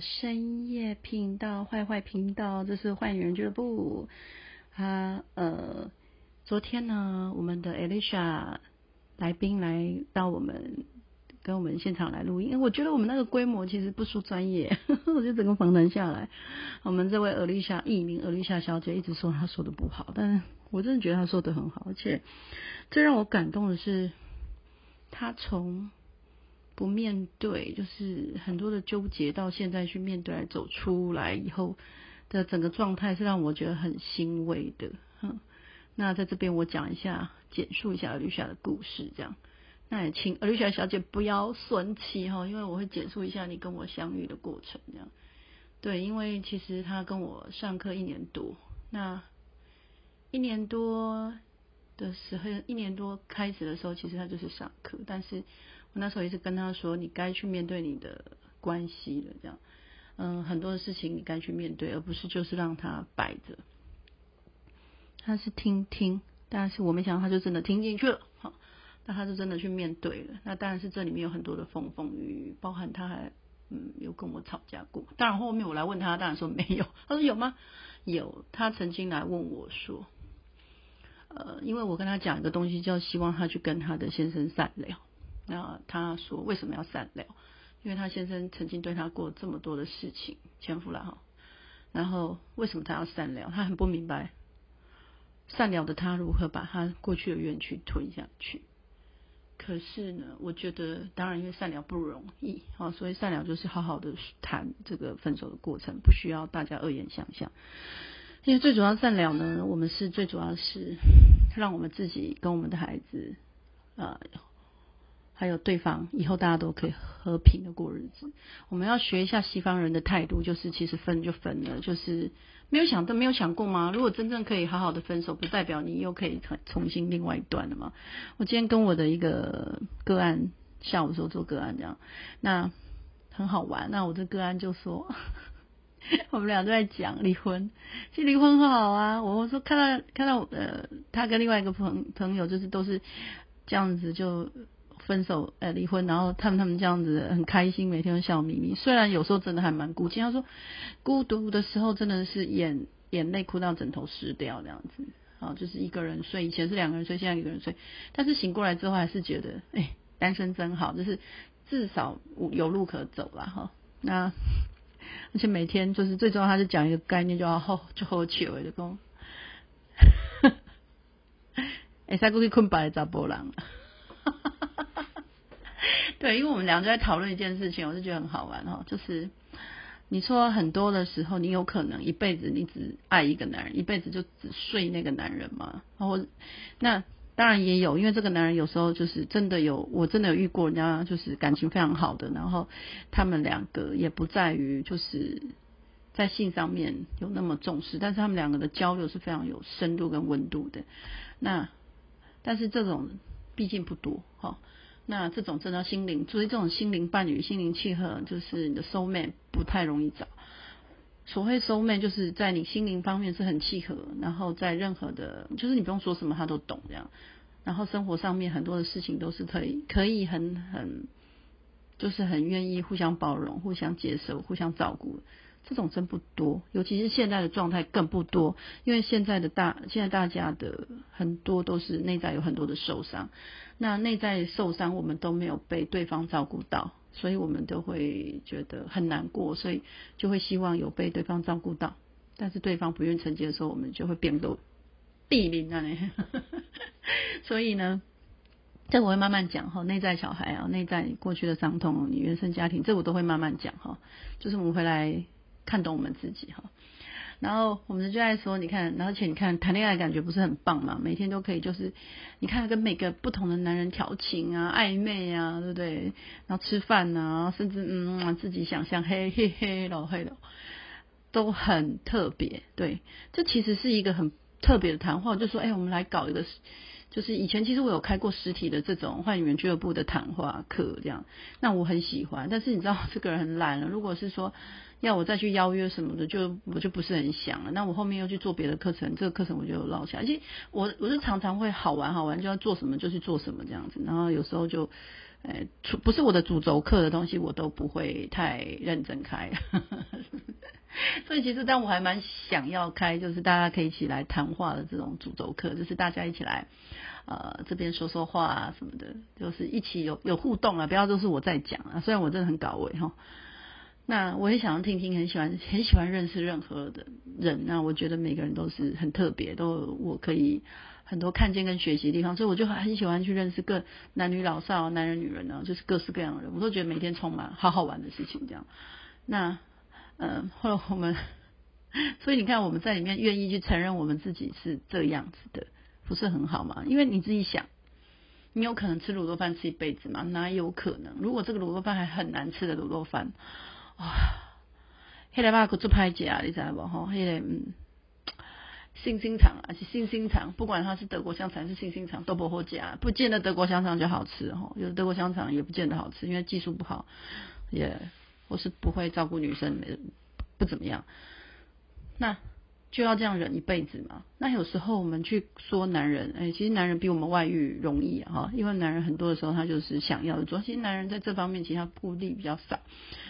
深夜頻道，壞壞頻道，這是壞女人俱樂部。啊，呃，昨天呢，我們的 Alicia 來賓來到我們，跟我們現場來錄音。因為我覺得我們那個規模其實不輸專業，呵呵，我就整個訪談下來，我們這位 Alicia 藝名 Alicia 小姐一直說她說的不好，但我真的覺得她說的很好。而且最讓我感動的是，她從。不面對，就是很多的糾結，到現在去面對，來走出來以後的整個狀態，是讓我覺得很欣慰的。哼，那在這邊我講一下，簡述一下阿麗莎的故事，這樣。那也請阿麗莎小姐不要生氣哈，因為我會簡述一下你跟我相遇的過程，這樣。對，因為其實她跟我上課一年多，那一年多的時候，一年多開始的時候，其實她就是上課，但是。那時候也是跟他說：“你該去面對你的關係了。”這樣，嗯，很多的事情你該去面對，而不是就是讓他擺着。他是聽聽，但是我沒想到他就真的聽進去了。好，那他就真的去面對了。那當然是這裡面有很多的風風雨雨，包含他還嗯有跟我吵架過。當然後面我來問他，當然說沒有。他說有嗎？有。他曾經來問我說：“呃，因為我跟他講一個東西，叫希望他去跟他的先生善良。”那他說為什麼要善良？因為他先生曾經對他過這麼多的事情，前夫了哈。然後為什麼他要善良？他很不明白，善良的他如何把他過去的怨氣吞下去？可是呢，我覺得當然，因為善良不容易啊、哦，所以善良就是好好的談這個分手的過程，不需要大家惡言相向。因為最主要善良呢，我們是最主要的是讓我們自己跟我們的孩子，呃。還有對方以後大家都可以和平的過日子。我們要學一下西方人的態度，就是其實分就分了，就是沒有想都沒有想過嗎？如果真正可以好好的分手，不代表你又可以重新另外一段了嗎？我今天跟我的一個個案下午的時候做個案這樣，那很好玩。那我這個個案就說， 我們倆都在講離婚，其實離婚好啊。我說看到看到我的呃，他跟另外一個朋朋友，就是都是這樣子就。分手呃，離婚，然後他們他們這樣子很開心，每天都笑眯眯。雖然有時候真的還蠻孤寂，他說孤獨的時候真的是眼眼淚哭到枕頭濕掉這樣子。好、哦，就是一個人睡，以前是兩個人睡，現在一個人睡。但是醒過來之後還是覺得，哎、欸，單身真好，就是至少有路可走了哈、哦。那而且每天就是最重要，他就講一個概念，就要吼就喝酒，哎、哦，就講，哎，使過去困白的查甫人。 對，因為我們兩個在討論一件事情，我就覺得很好玩哈、哦，就是你說很多的時候，你有可能一輩子你只愛一個男人，一輩子就只睡那個男人嘛？然後、哦、那當然也有，因為這個男人有時候就是真的有，我真的有遇過人家就是感情非常好的，然後他們兩個也不在於就是在性上面有那麼重視，但是他們兩個的交流是非常有深度跟溫度的。那但是這種畢竟不多哈。哦那這種正的心靈，所以這種心靈伴侶、心靈契合，就是你的 soul mate 不太容易找。所謂 soul mate 就是在你心靈方面是很契合，然後在任何的，就是你不用說什麼，他都懂這樣。然後生活上面很多的事情都是可以，可以很很，就是很願意互相包容、互相接受、互相照顧。這種真不多，尤其是現在的狀態更不多，因為現在的大現在大家的很多都是內在有很多的受傷，那內在受傷我們都沒有被對方照顧到，所以我們都會覺得很難過，所以就會希望有被對方照顧到，但是對方不願承接的時候，我們就會變得避免那裡、啊， 所以呢，這個我會慢慢講哈，內在小孩啊，內在過去的傷痛，你原生家庭，這我都會慢慢講哈，就是我們回來。看懂我們自己哈，然後我們就愛說你看，而且你看談戀愛感覺不是很棒嘛？每天都可以就是，你看跟每個不同的男人調情啊、曖昧啊，對不對？然後吃飯啊，甚至嗯，自己想象嘿嘿嘿，然後嘿，都很特別。對，這其實是一個很特別的談話。就是、說哎、欸，我們來搞一個，就是以前其實我有開過實體的這種壞女人俱樂部的談話課，這樣，那我很喜歡。但是你知道這個人很懶了、啊，如果是說。要我再去邀約什麼的，就我就不是很想了。那我後面又去做別的課程，這個課程我就落下。而且我我是常常會好玩好玩，就要做什麼就去做什麼這樣子。然後有時候就，呃、欸，不是我的主軸課的東西，我都不會太認真開。 所以其實，但我還蠻想要開，就是大家可以一起來談話的這種主軸課，就是大家一起來，呃，這邊說說話、啊、什麼的，就是一起有有互動啊。不要都是我在講啊，雖然我真的很搞味，吼那我也想要聽聽，很喜歡很喜歡認識任何的人。那我覺得每個人都是很特別，都我可以很多看見跟學習的地方，所以我就很喜歡去認識各男女老少、男人女人呢、啊，就是各式各樣的人，我都覺得每天充滿好好玩的事情。這樣，那嗯，後、呃、來我們，所以你看，我們在裡面願意去承認我們自己是這樣子的，不是很好嗎？因為你自己想，你有可能吃滷肉飯吃一輩子嘛？哪有可能？如果這個滷肉飯還很難吃的滷肉飯？哇，黑人吧，做派食，你知無吼？黑、那、人、個，星星腸還是星星腸，不管它是德國香腸還是星星腸都不好食，不見得德國香腸就好吃吼、哦，有德國香腸也不見得好吃，因為技術不好。也、yeah，我是不會照顧女生，不怎麼樣。那。就要這樣忍一輩子嘛？那有時候我們去說男人，欸、其實男人比我們外遇容易哈、啊，因為男人很多的時候他就是想要做，主要其實男人在這方面其實他顧慮比較少，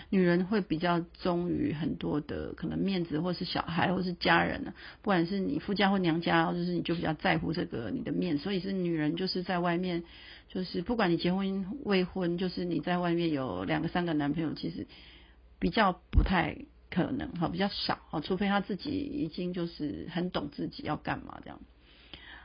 女人會比較忠於很多的可能面子，或是小孩，或是家人呢、啊，不管是你夫家或娘家，或、就、者是你就比較在乎這個你的面，所以是女人就是在外面，就是不管你結婚未婚，就是你在外面有兩個三個男朋友，其實比較不太。可能好比較少好，除非他自己已經就是很懂自己要幹嘛這樣，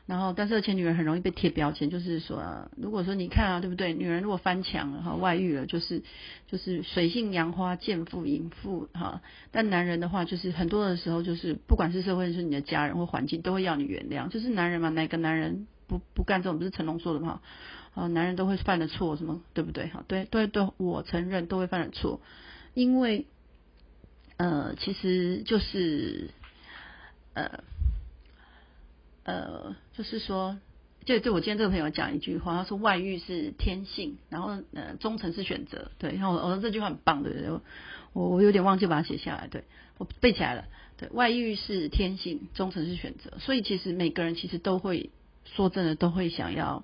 然後但是而且女人很容易被貼標籤，就是說、啊、如果說你看啊對不對？女人如果翻牆了哈外遇了，就是就是水性楊花、賤婦淫婦哈。但男人的話，就是很多的時候，就是不管是社會、就是你的家人或環境，都會要你原諒。就是男人嘛，哪個男人不不幹這種？不是成龍說的嘛。啊，男人都會犯的錯什麼對不對？好，對對對，我承認都會犯的錯，因為。呃，其實就是，呃，呃，就是說，就對我今天這個朋友講一句話，他說外遇是天性，然後呃，忠誠是選擇。對，然後我說、哦、這句話很棒，對不對？我我有點忘記把它寫下來，對我背起來了。對外遇是天性，忠誠是選擇，所以其實每個人其實都會說真的都會想要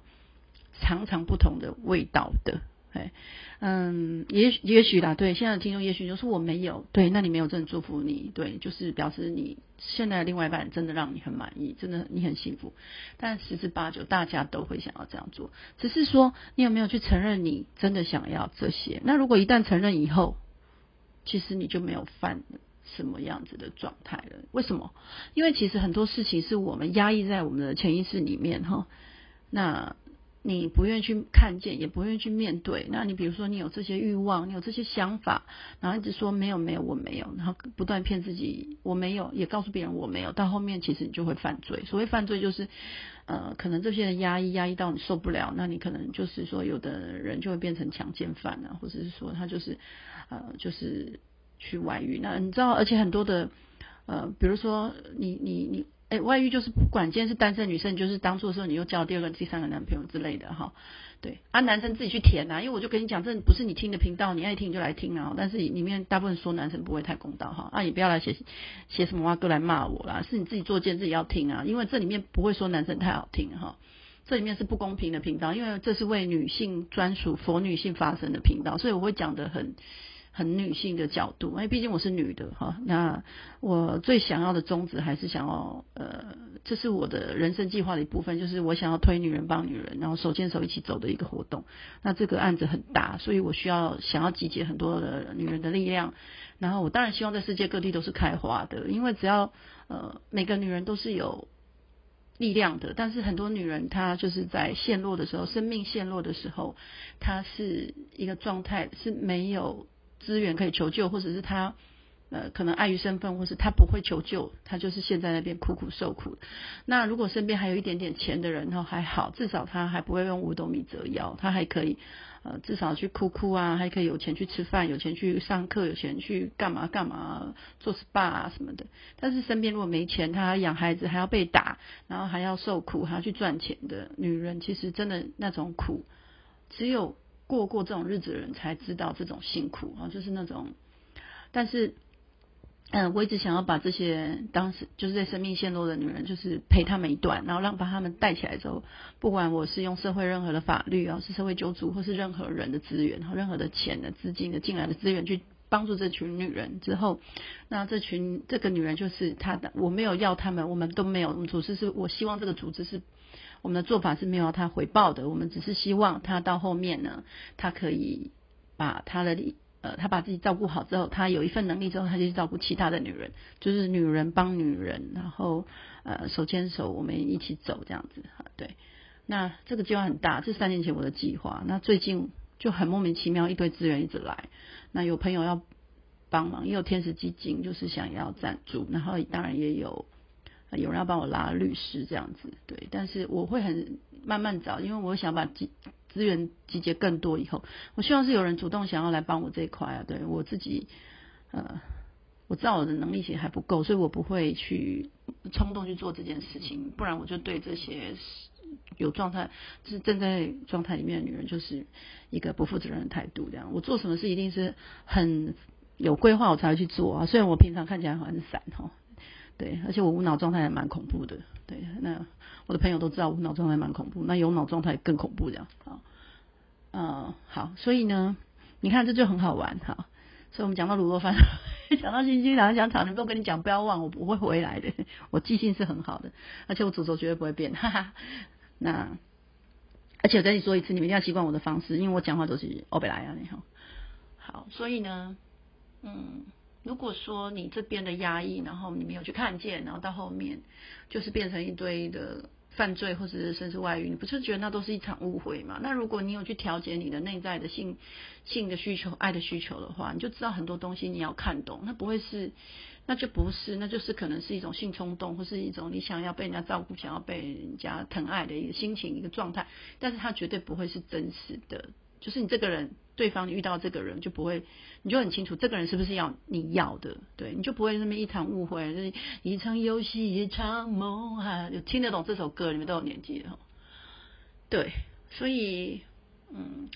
嘗嘗不同的味道的。哎，嗯，也也許啦，對，現在的聽眾也許就是我沒有，對，那你沒有這種祝福你，對，就是表示你現在另外一半真的讓你很滿意，真的你很幸福，但十之八九大家都會想要這樣做，只是說你有沒有去承認你真的想要這些？那如果一旦承認以後，其實你就沒有犯什麼樣子的狀態了。為什麼？因為其實很多事情是我們壓抑在我們的潛意識裡面哈，那。你不願意去看見，也不願意去面對。那你比如說，你有這些慾望，你有這些想法，然後一直說沒有沒有我沒有，然後不斷騙自己我沒有，也告訴別人我沒有。到後面其實你就會犯罪。所謂犯罪，就是呃，可能這些人壓抑壓抑到你受不了，那你可能就是說，有的人就會變成強姦犯了啊，或者是說他就是呃，就是去外遇。那你知道，而且很多的呃，比如說你你你。你哎、欸，外遇就是不管，今天是單身女生，你就是當初的時候你又交了第二個、第三個男朋友之類的哈，對，啊男生自己去填吶、啊，因為我就跟你講，這不是你聽的頻道，你愛聽你就來聽啊，但是裡面大部分說男生不會太公道哈，啊你不要來寫寫什麼話都來罵我啦，是你自己作賤自己要聽啊，因為這裡面不會說男生太好聽哈，這裡面是不公平的頻道，因為這是為女性專屬，佛女性發聲的頻道，所以我會講得很。很女性的角度，因為畢竟我是女的哈。那我最想要的宗旨還是想要，呃，這是我的人生計劃的一部分，就是我想要推女人幫女人，然後手牽手一起走的一個活動。那這個案子很大，所以我需要想要集結很多的女人的力量。然後我當然希望在世界各地都是開花的，因為只要呃，每個女人都是有力量的，但是很多女人她就是在陷落的時候，生命陷落的時候，她是一個狀態，是沒有。資源可以求救，或者是他呃可能礙於身份，或是他不會求救，他就是現在那邊苦苦受苦的。那如果身邊還有一點點錢的人，他、哦、還好，至少他還不會用五斗米折腰，他還可以呃至少去哭哭啊，還可以有錢去吃飯，有錢去上課，有錢去幹嘛幹嘛做 SPA 啊什麼的。但是身邊如果沒錢，他養孩子還要被打，然後還要受苦，還要去賺錢的女人，其實真的那種苦，只有。過過這種日子的人才知道這種辛苦啊，就是那種。但是，嗯、呃，我一直想要把這些當時就是在生命陷落的女人，就是陪她們一段，然後讓把她們帶起來之後，不管我是用社會任何的法律啊，是社會救助或是任何人的資源啊，任何的錢的、資金的、進來的資源去幫助這群女人之後，那這群這個女人就是她的，我沒有要他們，我們都沒有組織，是，是我希望這個組織是。我們的做法是沒有要他回報的，我們只是希望他到後面呢，他可以把他的呃，他把自己照顧好之後，他有一份能力之後，他就去照顧其他的女人，就是女人幫女人，然後呃手牽手我們一起走這樣子啊，對。那這個計劃很大，這三年前我的計劃。那最近就很莫名其妙，一堆資源一直來，那有朋友要幫忙，也有天使基金就是想要贊助，然後當然也有。有人要幫我拉律師這樣子，對，但是我會很慢慢找，因為我想把資資源集結更多，以後我希望是有人主動想要來幫我這一塊啊，對我自己，呃，我知道我的能力其實還不夠，所以我不會去衝動去做這件事情，不然我就對這些有狀態，就是正在狀態裡面的女人，就是一個不負責任的態度。這樣我做什麼事一定是很有規劃，我才會去做啊。雖然我平常看起來很散哦。對，而且我無腦狀態還蠻恐怖的。對，那我的朋友都知道無腦狀態蠻恐怖，那有腦狀態更恐怖這樣啊。嗯、呃，好，所以呢，你看這就很好玩哈。所以我們講到滷肉飯，講 到星星想講場，能用跟你講不要忘，我不會回來的，我記性是很好的，而且我詛咒絕對不會變哈哈。那，而且我再跟你說一次，你們一定要習慣我的方式，因為我講話都是歐北來啊。你好，好，所以呢，嗯。如果說你這邊的壓抑，然後你沒有去看見，然後到後面就是變成一堆的犯罪，或者是甚至外遇，你不是覺得那都是一場誤會嗎？那如果你有去調節你的內在的性性的需求、愛的需求的話，你就知道很多東西你要看懂，那不會是，那就不是，那就是可能是一種性衝動，或是一種你想要被人家照顧、想要被人家疼愛的一個心情、一個狀態，但是它絕對不會是真實的，就是你這個人。對方你遇到這個人就不會，你就很清楚這個人是不是要你要的。對，你就不會那麼一場誤會，就是一場遊戲一場夢啊，有聽得懂這首歌？你們都有年紀了。對，所以嗯，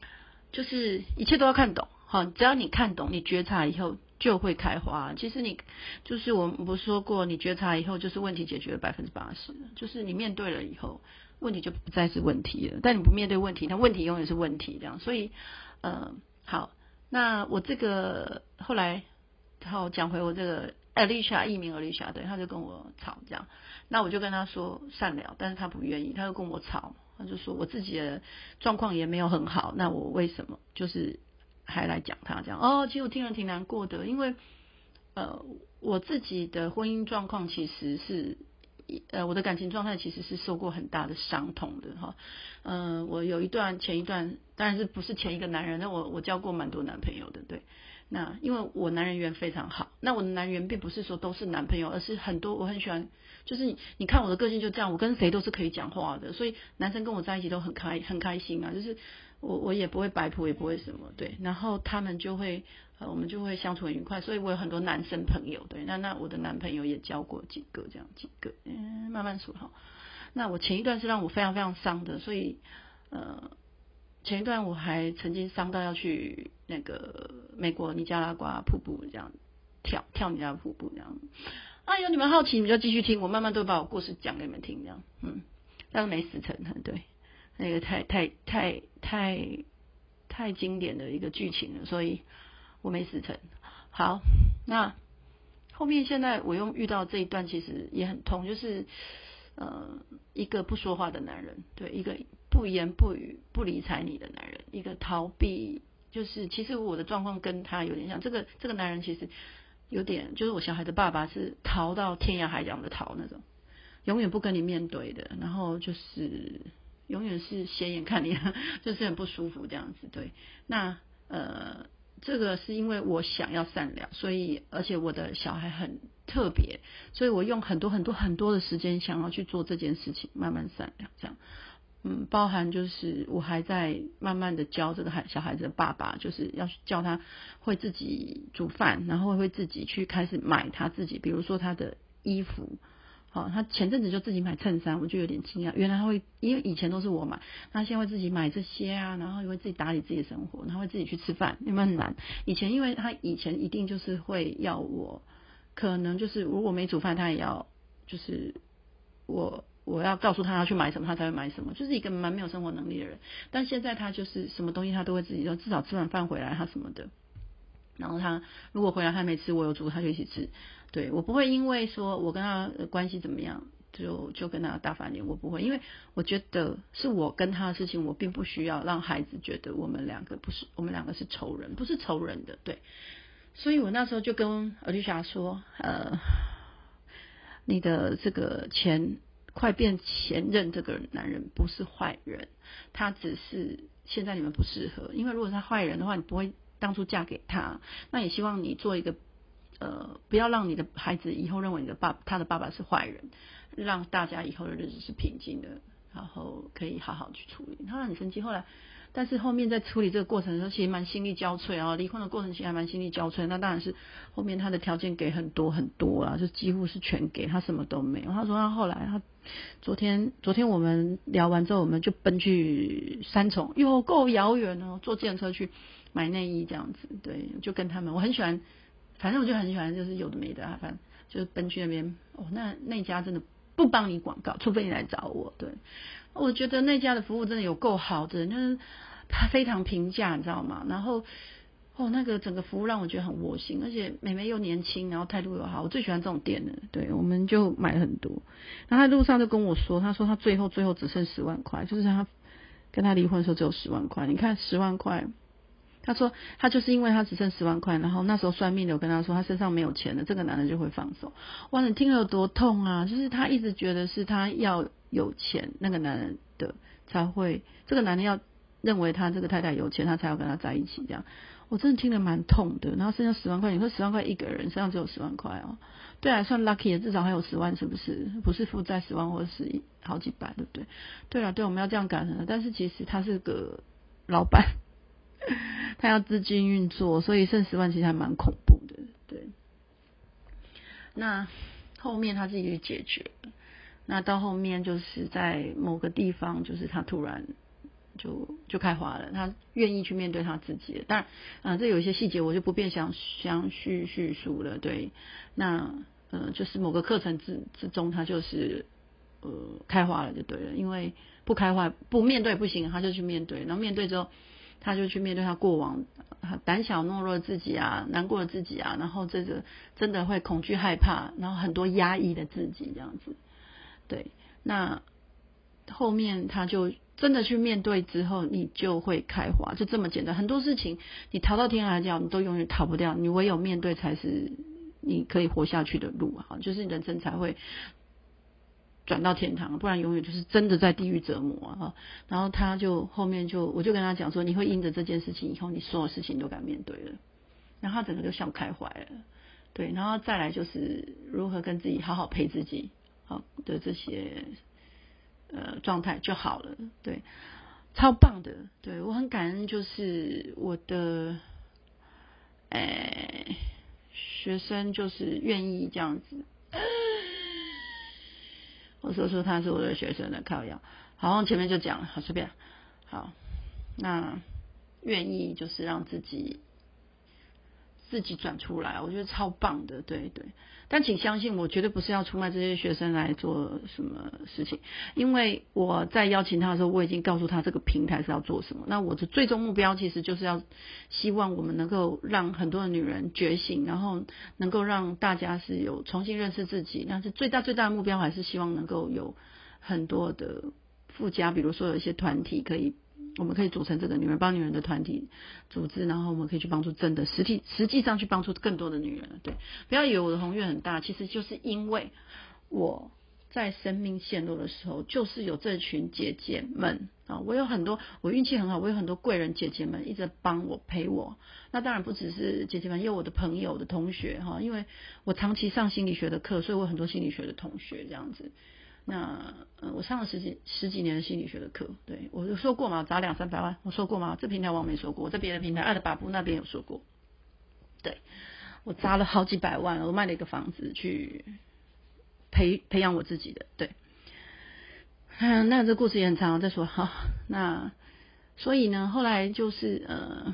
就是一切都要看懂哈。只要你看懂，你覺察以後就會開花。其實你就是我們不是說過，你覺察以後就是問題解決了百分之八十，就是你面對了以後，問題就不再是問題了。但你不面對問題，它問題永遠是問題這樣，所以。嗯，好，那我這個後來，好講回我這個艾麗莎，藝名艾麗莎，對，他就跟我吵這樣，那我就跟他說算了，但是他不願意，他就跟我吵，他就說我自己的狀況也沒有很好，那我為什麼就是還來講他這樣？哦，其實我聽了挺難過的，因為呃，我自己的婚姻狀況其實是。呃，我的感情狀態其實是受過很大的傷痛的哈，嗯、呃，我有一段前一段，當然是不是前一個男人，但我我交過蠻多男朋友的，對，那因為我男人緣非常好，那我的男人緣並不是說都是男朋友，而是很多我很喜歡，就是你你看我的個性就這樣，我跟誰都是可以講話的，所以男生跟我在一起都很開很開心啊，就是。我我也不會擺譜，也不會什麼，對。然後他們就會，呃，我們就會相處很愉快。所以我有很多男生朋友，對。那那我的男朋友也交過幾個，這樣幾個，嗯，慢慢數好。那我前一段是讓我非常非常傷的，所以呃，前一段我還曾經傷到要去那個美國尼加拉瓜瀑布這樣跳跳尼加拉瀑布這樣。哎喲，你們好奇，你們就繼續聽，我慢慢都把我故事講給你們聽，這樣，嗯。但是沒死成，很對。那個太太太太太經典的一個劇情了，所以我沒死成。好，那後面現在我又遇到這一段，其實也很痛，就是呃，一個不說話的男人，對，一個不言不語、不理睬你的男人，一個逃避，就是其實我的狀況跟他有點像。這個這個男人其實有點，就是我小孩的爸爸是逃到天涯海角的逃那種，永遠不跟你面對的，然後就是。永遠是斜眼看你，就是很不舒服這樣子。對，那呃，這個是因為我想要善良，所以而且我的小孩很特別，所以我用很多很多很多的時間想要去做這件事情，慢慢善良這樣。嗯，包含就是我還在慢慢的教這個孩小孩子的爸爸，就是要教他會自己煮飯，然後會自己去開始買他自己，比如說他的衣服。好、哦，他前陣子就自己買襯衫，我就有點驚訝。原來他會，因為以前都是我買，他現在會自己買這些啊，然後也會自己打理自己的生活，他會自己去吃飯，有沒有很難？以前因為他以前一定就是會要我，可能就是如果沒煮飯，他也要就是我、我要告訴他要去買什麼，他才會買什麼，就是一個蠻沒有生活能力的人。但現在他就是什麼東西他都會自己說，至少吃完飯回來他什麼的，然後他如果回來他沒吃，我有煮，他就一起吃。對，我不會因為說我跟他的關係怎麼樣，就就跟他大翻臉。我不會，因為我覺得是我跟他的事情，我並不需要讓孩子覺得我們兩個，不是，我們兩個是仇人，不是仇人的。對，所以我那時候就跟阿麗霞說，呃，你的這個前快變前任這個男人不是壞人，他只是現在你們不適合，因為如果他壞人的話，你不會當初嫁給他。那也希望你做一個。呃，不要讓你的孩子以後認為你的爸，他的爸爸是壞人，讓大家以後的日子是平靜的，然後可以好好去處理。他很生氣。後來，但是後面在處理這個過程的時候，其實蠻心力交瘁啊。離婚的過程其實還蠻心力交瘁。那當然是後面他的條件給很多很多啊，就幾乎是全給他，什麼都沒有。他說他後來，他昨天昨天我們聊完之後，我們就奔去三重，喲，夠遙遠哦，坐自行車去買內衣這樣子。對，就跟他們，我很喜歡。反正我就很喜歡，就是有的沒的，反正就是奔去那邊。哦，那那家真的不幫你廣告，除非你來找我。對，我覺得那家的服務真的有夠好的，就是他非常平價，你知道嗎？然後，哦，那個整個服務讓我覺得很窩心，而且妹妹又年輕，然後態度又好，我最喜歡這種店了。對，我們就買很多。然後他路上就跟我說，他說他最後最後只剩十萬塊，就是他跟他離婚的時候只有十萬塊。你看十萬塊。他說，他就是因為他只剩十萬塊，然後那時候算命的我跟他說，他身上沒有錢了，這個男人就會放手。哇，你聽了有多痛啊！就是他一直覺得是他要有錢，那個男人的才會，這個男人要認為他這個太太有錢，他才要跟他在一起這樣。我真的聽得蠻痛的。然後剩下十萬塊，你說十萬塊一個人身上只有十萬塊哦，對啊，算 lucky 的，至少還有十萬，是不是？不是負債十萬，或是好幾百，對不對？對啊，對，我們要這樣感恩。但是其實他是個老闆。他要資金運作，所以剩十萬其實還蠻恐怖的。對，那後面他自己去解決。那到後面就是在某個地方，就是他突然就就開花了。他願意去面對他自己了，但啊、呃，這有一些細節我就不便詳詳敘敘述了。對，那呃，就是某個課程之之中，他就是呃開花了就對了。因為不開花不面對不行，他就去面對，然後面對之後。他就去面對他過往膽小懦弱的自己啊，難過的自己啊，然後這個真的會恐懼害怕，然後很多壓抑的自己這樣子。對，那後面他就真的去面對之後，你就會開花，就這麼簡單。很多事情你逃到天涯海角，你都永遠逃不掉，你唯有面對才是你可以活下去的路啊，就是你人生才會轉到天堂，不然永遠就是真的在地獄折磨啊！然後他就後面就，我就跟他講說，你會因着這件事情，以後你所有事情都敢面對了。然後他整個就笑開懷了，對。然後再來就是如何跟自己好好陪自己，好、哦、的這些呃狀態就好了，對，超棒的，對，我很感恩，就是我的呃、哎、學生就是願意這樣子。哎我說說他是我的學生的靠樣，好，前面就講了，好，隨便，好，那願意就是讓自己。自己轉出來，我覺得超棒的，對對。但請相信我，絕對不是要出賣這些學生來做什麼事情。因為我在邀請他的時候，我已經告訴他這個平台是要做什麼。那我的最終目標其實就是要希望我們能夠讓很多的女人覺醒，然後能夠讓大家是有重新認識自己。但是最大最大的目標，還是希望能夠有很多的附加，比如說有一些團體可以。我們可以組成這個女人幫女人的團體組織，然後我們可以去幫助真的實體，實際上去幫助更多的女人。對，不要以為我的宏願很大，其實就是因為我在生命陷落的時候，就是有這群姐姐們啊，我有很多，我運氣很好，我有很多貴人姐姐們一直幫我陪我。那當然不只是姐姐們，也有我的朋友、我的同學哈，因為我長期上心理學的課，所以我有很多心理學的同學這樣子。那、呃，我上了十幾十幾年的心理學的課，對我有說過嘛，砸兩三百萬，我說過嗎？這個、平台我沒說過，我在別的平台愛的八部那邊有說過，對我砸了好幾百萬，我賣了一個房子去培培養我自己的，對、呃，那這故事也很長，再說好、哦。那所以呢，後來就是呃。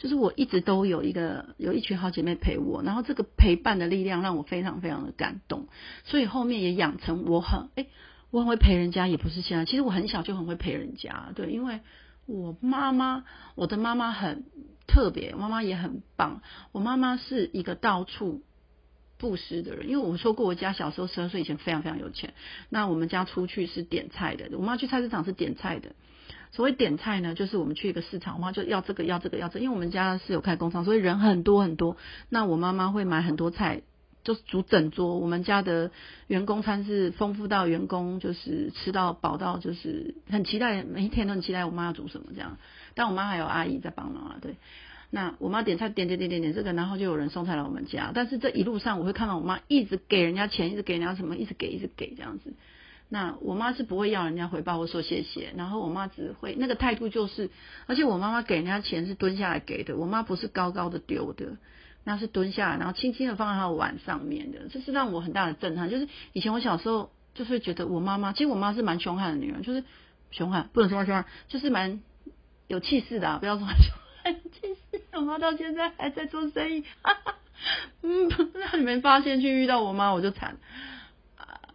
就是我一直都有一個有一群好姐妹陪我，然後這個陪伴的力量讓我非常非常的感動，所以後面也養成我很哎、欸、我很會陪人家，也不是現在，其實我很小就很會陪人家，對，因為我媽媽我的媽媽很特別，我媽媽也很棒，我媽媽是一個到處布施的人，因為我說過我家小時候十二歲以前非常非常有錢，那我們家出去是點菜的，我媽去菜市場是點菜的。所謂點菜呢，就是我們去一個市場，我媽就要這個、要這個、要這個，因為我們家是有開工廠，所以人很多很多。那我媽媽會買很多菜，就煮整桌。我們家的員工餐是豐富到員工就是吃到飽到就是很期待，每一天都很期待我媽要煮什麼這樣。但我媽還有阿姨在幫忙啊，對。那我媽點菜點點點點點這個，然後就有人送菜來我們家。但是這一路上我會看到我媽一直給人家錢，一直給人家什麼，一直給一直給這樣子。那我媽是不會要人家回報，我說謝謝，然後我媽只會那個態度就是，而且我媽媽給人家錢是蹲下來給的，我媽不是高高的丟的，那是蹲下來，然後輕輕的放在她碗上面的，這是讓我很大的震撼。就是以前我小時候就是會覺得我媽媽，其實我媽是蠻兇悍的女人，就是兇悍不能說兇悍，就是蠻有氣勢的啊。不要說兇悍有氣勢，我媽到現在還在做生意，啊、嗯，不知道你們發現去遇到我媽我就慘。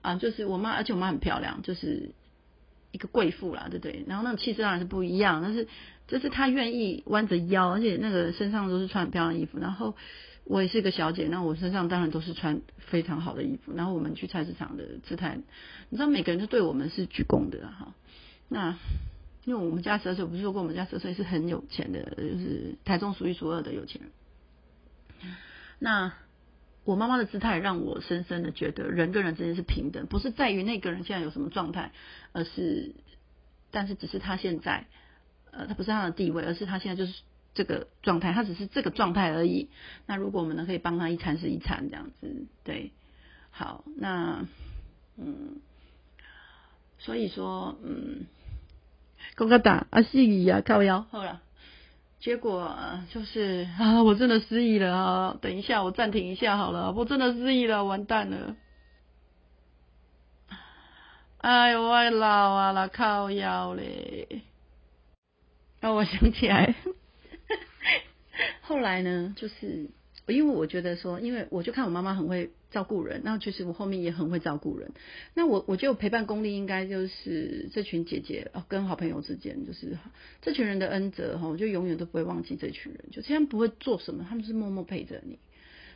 啊，就是我媽，而且我媽很漂亮，就是一個貴婦啦，對不對？然後那種氣質當然是不一樣，但是就是她願意彎着腰，而且那個身上都是穿很漂亮的衣服。然後我也是一個小姐，那我身上當然都是穿非常好的衣服。然後我們去菜市場的姿態，你知道，每個人都對我們是鞠躬的哈、啊。那因為我們家十二歲，不是說過我們家十二歲是很有錢的，就是台中數一數二的有錢人。那我媽媽的姿態讓我深深的覺得，人跟人之間是平等，不是在於那個人現在有什麼狀態，而是，但是只是他現在，呃，他不是他的地位，而是他現在就是這個狀態，他只是這個狀態而已。那如果我們呢可以幫他一餐是一餐這樣子，對，好，那，嗯，所以說，嗯，公哥打阿西呀，靠腰好了。結果就是啊，我真的失憶了啊！等一下，我暫停一下好了，我真的失憶了，完蛋了！哎呦，我愛老啊，靠腰嘞！讓、哦、我想起來， 後來呢，就是因為我覺得說，因為我就看我媽媽很會。照顧人，那其實我後面也很會照顧人。那我我覺得我陪伴功力應該就是這群姐姐、哦、跟好朋友之間，就是這群人的恩澤哈、哦，我就永遠都不會忘記這群人。就雖然不會做什麼，他們是默默陪着你。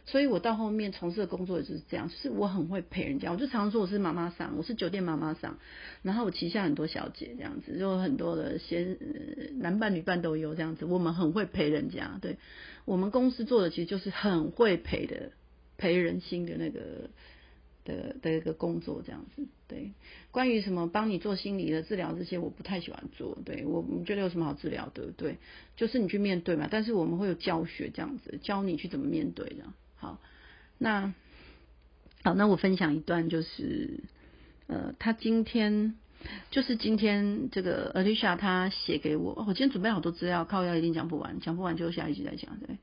所以我到後面從事的工作也就是這樣，就是我很會陪人家。我就常常說我是媽媽桑，我是酒店媽媽桑，然後我旗下很多小姐這樣子，就很多的先、呃、男伴女伴都有這樣子。我們很會陪人家，對我們公司做的其實就是很會陪的。陪人心的那個的的一個工作這樣子，對。關於什麼幫你做心理的治療這些，我不太喜歡做。對，我覺得有什麼好治療？對不對？就是你去面對嘛。但是我們會有教學這樣子，教你去怎麼面對的。好，那好，那我分享一段，就是呃，他今天就是今天這個 Alicia 他寫給我，哦，我今天準備好多資料，靠，我一定講不完，講不完就下一集再講，對。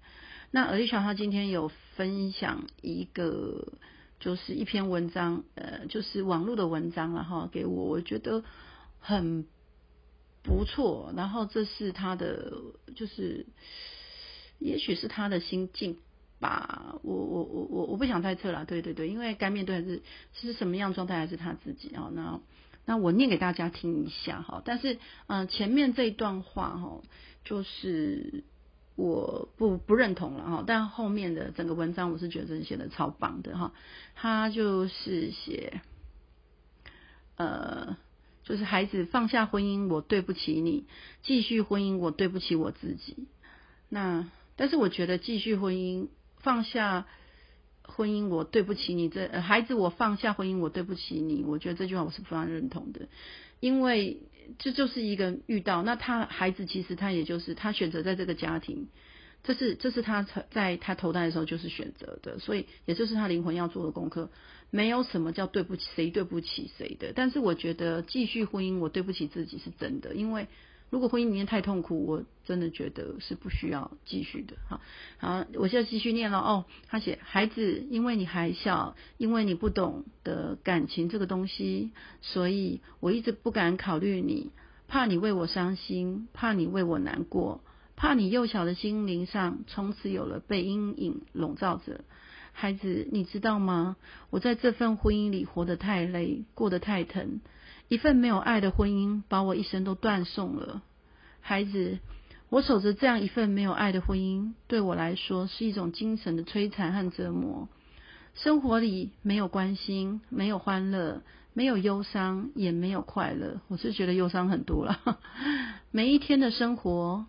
那而且小浩今天有分享一個，就是一篇文章，呃，就是網絡的文章了哈，給我，我覺得很不錯。然後這是他的，就是也許是他的心境吧。我我我我我不想猜測了，對對對，因為該面對還是是什麼樣狀態還是他自己啊。那那我念給大家聽一下哈。但是嗯，呃，前面這一段話哈，就是。我不不認同了哈，但後面的整個文章我是覺得寫得超棒的哈。他就是寫，呃，就是孩子放下婚姻，我對不起你；繼續婚姻，我對不起我自己。那但是我覺得繼續婚姻，放下婚姻，我對不起你。這、呃、孩子我放下婚姻，我對不起你。我覺得這句話我是非常認同的，因為。這就是一個遇到，那他孩子其實他也就是他選擇在這個家庭，這是這是他在他投胎的時候就是選擇的，所以也就是他靈魂要做的功課，沒有什麼叫對不起誰對不起誰的，但是我覺得繼續婚姻，我對不起自己是真的，因為。如果婚姻裡面太痛苦，我真的覺得是不需要繼續的。好，好，我現在繼續念了哦。他寫：孩子，因為你還小，因為你不懂得感情這個東西，所以我一直不敢考慮你，怕你為我傷心，怕你為我難過，怕你幼小的心靈上從此有了被陰影籠罩着。孩子，你知道嗎？我在這份婚姻裡活得太累，過得太疼。一份沒有愛的婚姻，把我一生都斷送了。孩子，我守着這樣一份沒有愛的婚姻，對我來說是一種精神的摧殘和折磨。生活裡沒有關心，沒有歡樂，沒有憂傷，也沒有快樂。我是覺得憂傷很多了。 每一天的生活，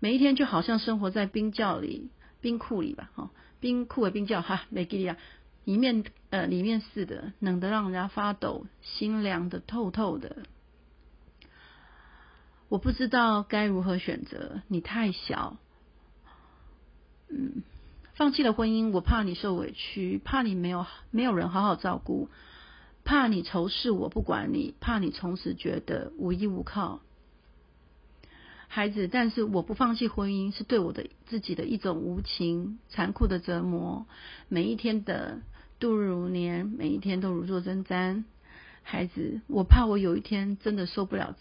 每一天就好像生活在冰窖裡、冰庫裡吧，哈，冰庫的冰窖，哈，美吉里啊裡面呃，裡面似的，冷得讓人家發抖，心涼得透透的。我不知道該如何選擇，你太小，嗯，放棄了婚姻，我怕你受委屈，怕你沒有沒有人好好照顧，怕你仇視我，不管你，怕你從此覺得無依無靠，孩子。但是我不放棄婚姻，是對我的自己的一種無情殘酷的折磨，每一天的。度日如年，每一天都如坐針氈。孩子，我怕我有一天真的受不了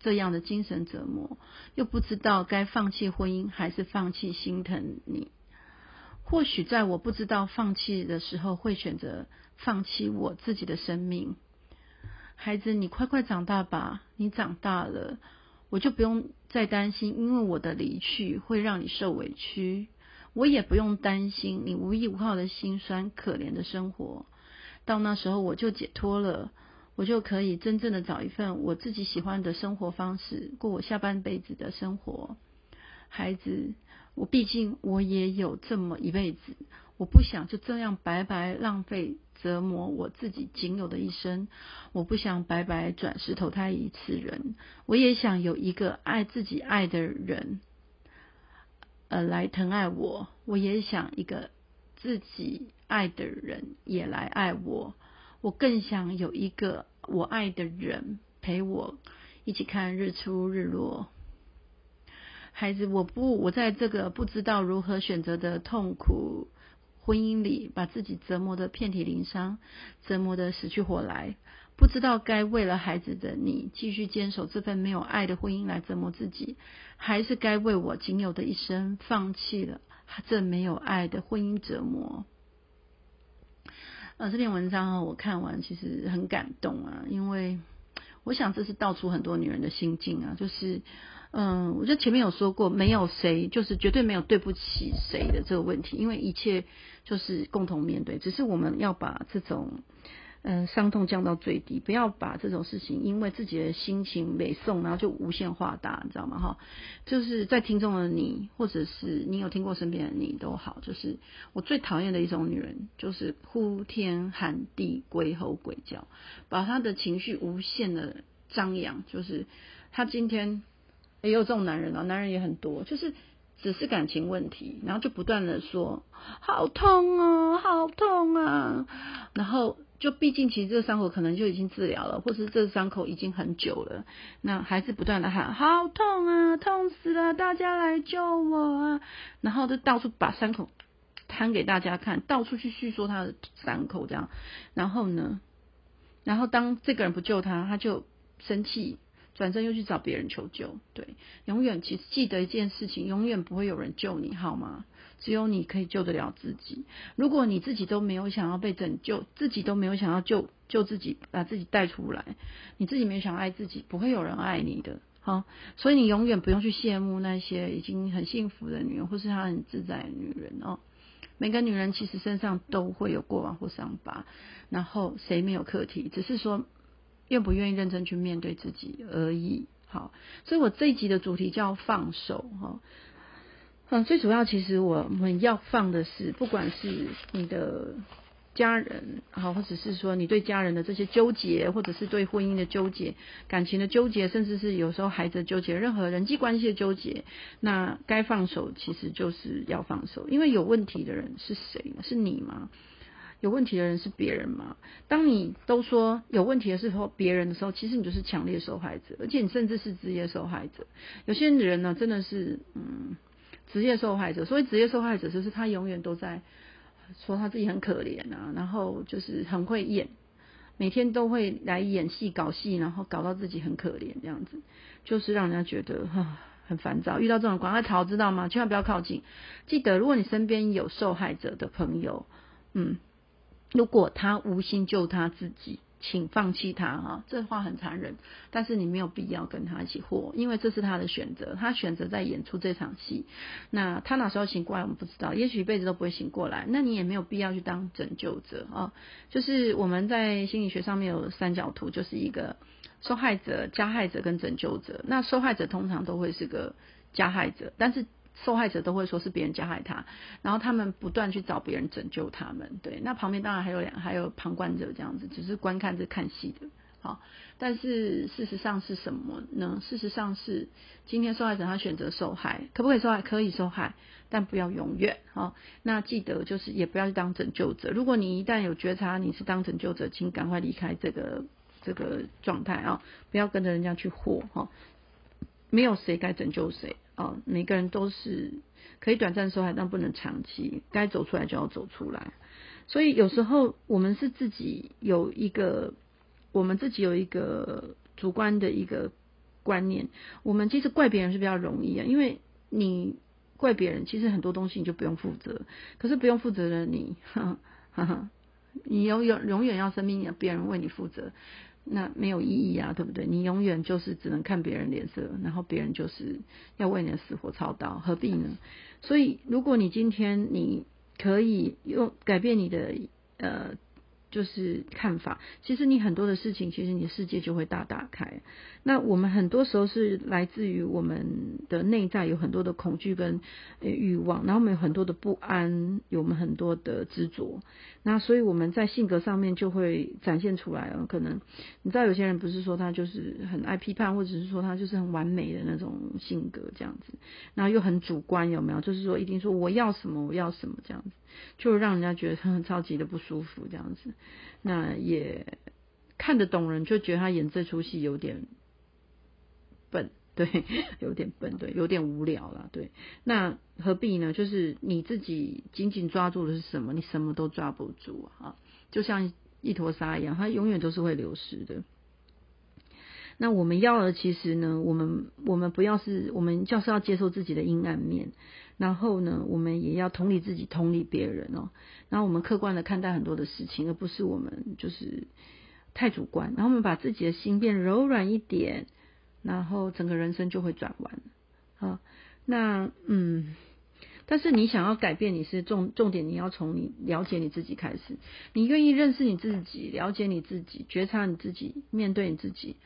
這樣的精神折磨，又不知道該放棄婚姻還是放棄心疼你。或許在我不知道放棄的時候，會選擇放棄我自己的生命。孩子，你快快長大吧，你長大了，我就不用再擔心，因為我的離去會讓你受委屈。我也不用擔心你無依無靠的心酸可憐的生活，到那時候我就解脫了，我就可以真正的找一份我自己喜歡的生活方式，過我下半輩子的生活。孩子，我畢竟我也有這麼一輩子，我不想就這樣白白浪費折磨我自己僅有的一生，我不想白白轉世投胎一次人，我也想有一個愛自己愛的人，呃，來疼愛我，我也想一個自己愛的人也來愛我，我更想有一個我愛的人陪我一起看日出日落。孩子，我不，我在這個不知道如何選擇的痛苦婚姻裡，把自己折磨得遍體鱗傷，折磨得死去活來。不知道該為了孩子的你繼續堅守這份沒有愛的婚姻來折磨自己，還是該為我僅有的一生放棄了這沒有愛的婚姻折磨？呃，這篇文章啊，我看完其實很感動啊，因為我想這是道出很多女人的心境啊，就是嗯，我覺得前面有說過，沒有誰就是絕對沒有對不起誰的這個問題，因為一切就是共同面對，只是我們要把這種。嗯，傷痛降到最低，不要把這種事情因為自己的心情美送，然後就無限化大，你知道嗎？哈，就是在聽眾的你，或者是你有聽過身邊的你都好，就是我最討厭的一種女人，就是呼天喊地、鬼吼鬼叫，把她的情緒無限的張揚，就是她今天也、欸、有這種男人啊、喔，男人也很多，就是只是感情問題，然後就不斷的說好痛哦、喔，好痛啊，然後。就畢竟，其實這傷口可能就已經治療了，或是這傷口已經很久了，那還是不斷的喊“好痛啊，痛死了，大家來救我啊！”然後就到處把傷口攤給大家看，到處去敘說他的傷口這樣。然後呢，然後當這個人不救他，他就生氣，轉身又去找別人求救。對，永遠其實記得一件事情，永遠不會有人救你，好嗎？只有你可以救得了自己。如果你自己都沒有想要被拯救，自己都沒有想要救救自己，把自己帶出來，你自己沒有想愛自己，不會有人愛你的哈、哦。所以你永遠不用去羨慕那些已經很幸福的女人，或是她很自在的女人哦。每個女人其實身上都會有過往或傷疤，然後誰沒有課題，只是說願不願意認真去面對自己而已。好、哦，所以我這一集的主題叫放手哈。哦嗯，最主要其實我們要放的是，不管是你的家人，好，或者是說你對家人的這些糾結，或者是對婚姻的糾結、感情的糾結，甚至是有時候孩子糾結、任何人際關係的糾結，那該放手其實就是要放手。因為有問題的人是誰呢？是你嗎？有問題的人是別人嗎？當你都說有問題的時候，別人的時候，其實你就是強烈受害者，而且你甚至是職業受害者。有些人呢，真的是嗯。職業受害者，所以職業受害者就是他永遠都在說他自己很可憐啊，然後就是很會演，每天都會來演戲、搞戲，然後搞到自己很可憐這樣子，就是讓人家覺得哈，很煩躁。遇到這種趕快逃，知道嗎？千萬不要靠近。記得，如果你身邊有受害者的朋友，嗯，如果他無心救他自己。請放棄他哈、哦，這話很殘忍，但是你沒有必要跟他一起活，因為這是他的選擇，他選擇在演出這場戲。那他哪時候醒過來我們不知道，也許一輩子都不會醒過來，那你也沒有必要去當拯救者啊、哦。就是我們在心理學上面有三角圖，就是一個受害者、加害者跟拯救者。那受害者通常都會是個加害者，但是。受害者都會說是別人加害他，然後他們不斷去找別人拯救他們，對，那旁邊當然還有兩，還有旁觀者這樣子，只是觀看著看戲的，好、哦，但是事實上是什麼呢？事實上是今天受害者他選擇受害，可不可以受害？可以受害，但不要永遠。好、哦，那記得就是也不要去當拯救者。如果你一旦有覺察你是當拯救者，請趕快離開這個這個狀態啊、哦，不要跟着人家去禍，哈、哦，沒有誰該拯救誰。哦，每個人都是可以短暫受害，但不能長期。該走出來就要走出來。所以有時候我們是自己有一個，我們自己有一個主觀的一個觀念。我們其實怪別人是比較容易啊，因為你怪別人，其實很多東西你就不用負責。可是不用負責任你，呵呵呵呵，你有有永有永遠要生命的，要別人為你負責。那沒有意義啊，對不對？你永遠就是只能看別人臉色，然後別人就是要為你的死活操刀，何必呢？所以，如果你今天你可以用改變你的呃。就是看法，其實你很多的事情，其實你的世界就會大打開。那我們很多時候是來自於我們的內在有很多的恐懼跟欲望，然後我們有很多的不安，有我們很多的執着。那所以我們在性格上面就會展現出來了。可能你知道有些人不是說他就是很愛批判，或者是說他就是很完美的那種性格這樣子，那又很主觀，有沒有？就是說一定說我要什麼我要什麼這樣子。就讓人家覺得很超級的不舒服這樣子，那也看得懂人就覺得他演這出戲有點笨，對，有點笨，對，有點無聊啦。對。那何必呢？就是你自己緊緊抓住的是什麼？你什麼都抓不住啊，就像一坨沙一樣，它永遠都是會流失的。那我們要的其實呢，我們我們不要是我們就是要接受自己的陰暗面。然後呢，我們也要同理自己，同理別人哦。然後我們客觀的看待很多的事情，而不是我們就是太主觀。然後我們把自己的心變柔軟一點，然後整個人生就會轉彎。啊，那嗯，但是你想要改變，你是重重點，你要從你了解你自己開始。你願意認識你自己，了解你自己，覺察你自己，面對你自己。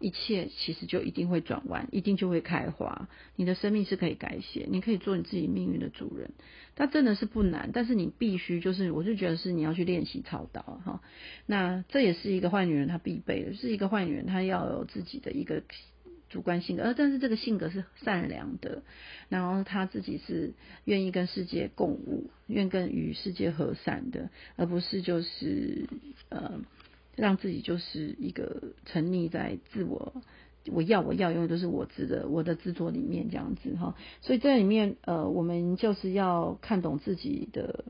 一切其實就一定會轉彎，一定就會開花。你的生命是可以改寫，你可以做你自己命運的主人。它真的是不難，但是你必須就是，我就覺得是你要去練習操刀哈。那這也是一個壞女人她必備的，是一個壞女人她要有自己的一個主觀性格，呃，但是這個性格是善良的，然後她自己是願意跟世界共舞，願跟與世界和善的，而不是就是呃。讓自己就是一個沉溺在自我，我要我要，永遠都是我自的我的制作裡面這樣子哈。所以這裡面呃，我們就是要看懂自己的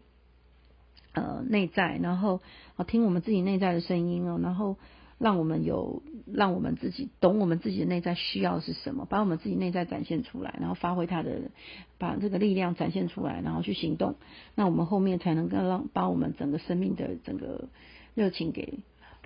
呃內在，然後啊聽我們自己內在的聲音哦，然後讓我們有讓我們自己懂我們自己的內在需要的是什麼，把我們自己內在展現出來，然後發揮它的把這個力量展現出來，然後去行動。那我們後面才能夠讓把我們整個生命的整個熱情給。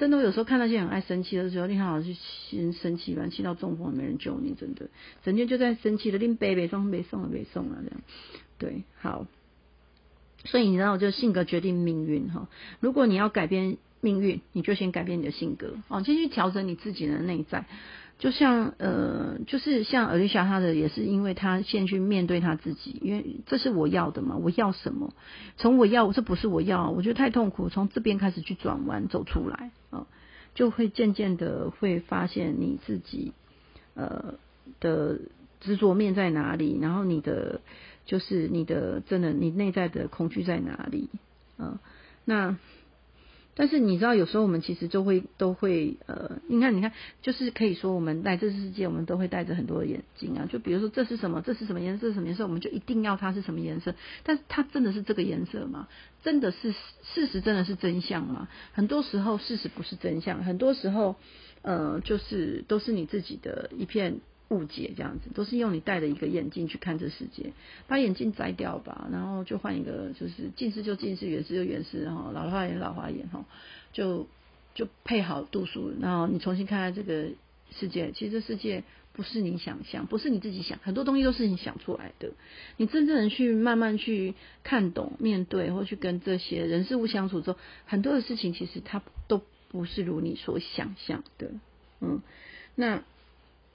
真的，我有時候看到一些很愛生氣的時候，你好好去先生氣吧，氣到中風也沒人救你，真的，整天就在生氣的，拎杯杯送沒送了沒送了這樣，對，好。所以你知道，就性格決定命運哈、哦。如果你要改變命運，你就先改變你的性格，哦，先去調整你自己的內在。就像呃，就是像 a l e 她他的也是，因為他先去面對他自己，因為這是我要的嘛，我要什麼？從我要，這不是我要，我覺得太痛苦，從這邊開始去轉彎走出來啊、哦，就會漸漸的會發現你自己呃的執着面在哪裡，然後你的就是你的真的你內在的恐懼在哪裡啊、哦？那。但是你知道，有時候我們其實就會都會呃，你看，你看，就是可以說，我們來這個世界，我們都會戴着很多眼鏡啊。就比如說，這是什麼？這是什麼顏色？這是什麼顏色？我們就一定要它是什麼顏色？但是它真的是這個顏色嗎？真的是事實？真的是真相嗎？很多時候，事實不是真相。很多時候，呃，就是都是你自己的一片。誤解這樣子，都是用你戴的一個眼鏡去看這世界，把眼鏡摘掉吧，然後就換一個，就是近視就近視，遠視就遠視，然後老花眼老花眼，哈，就就配好度數，然後你重新看看這個世界，其實這世界不是你想象，不是你自己想，很多東西都是你想出來的，你真正的去慢慢去看懂、面對，或去跟這些人事物相處之後，很多的事情其實它都不是如你所想象的，嗯，那。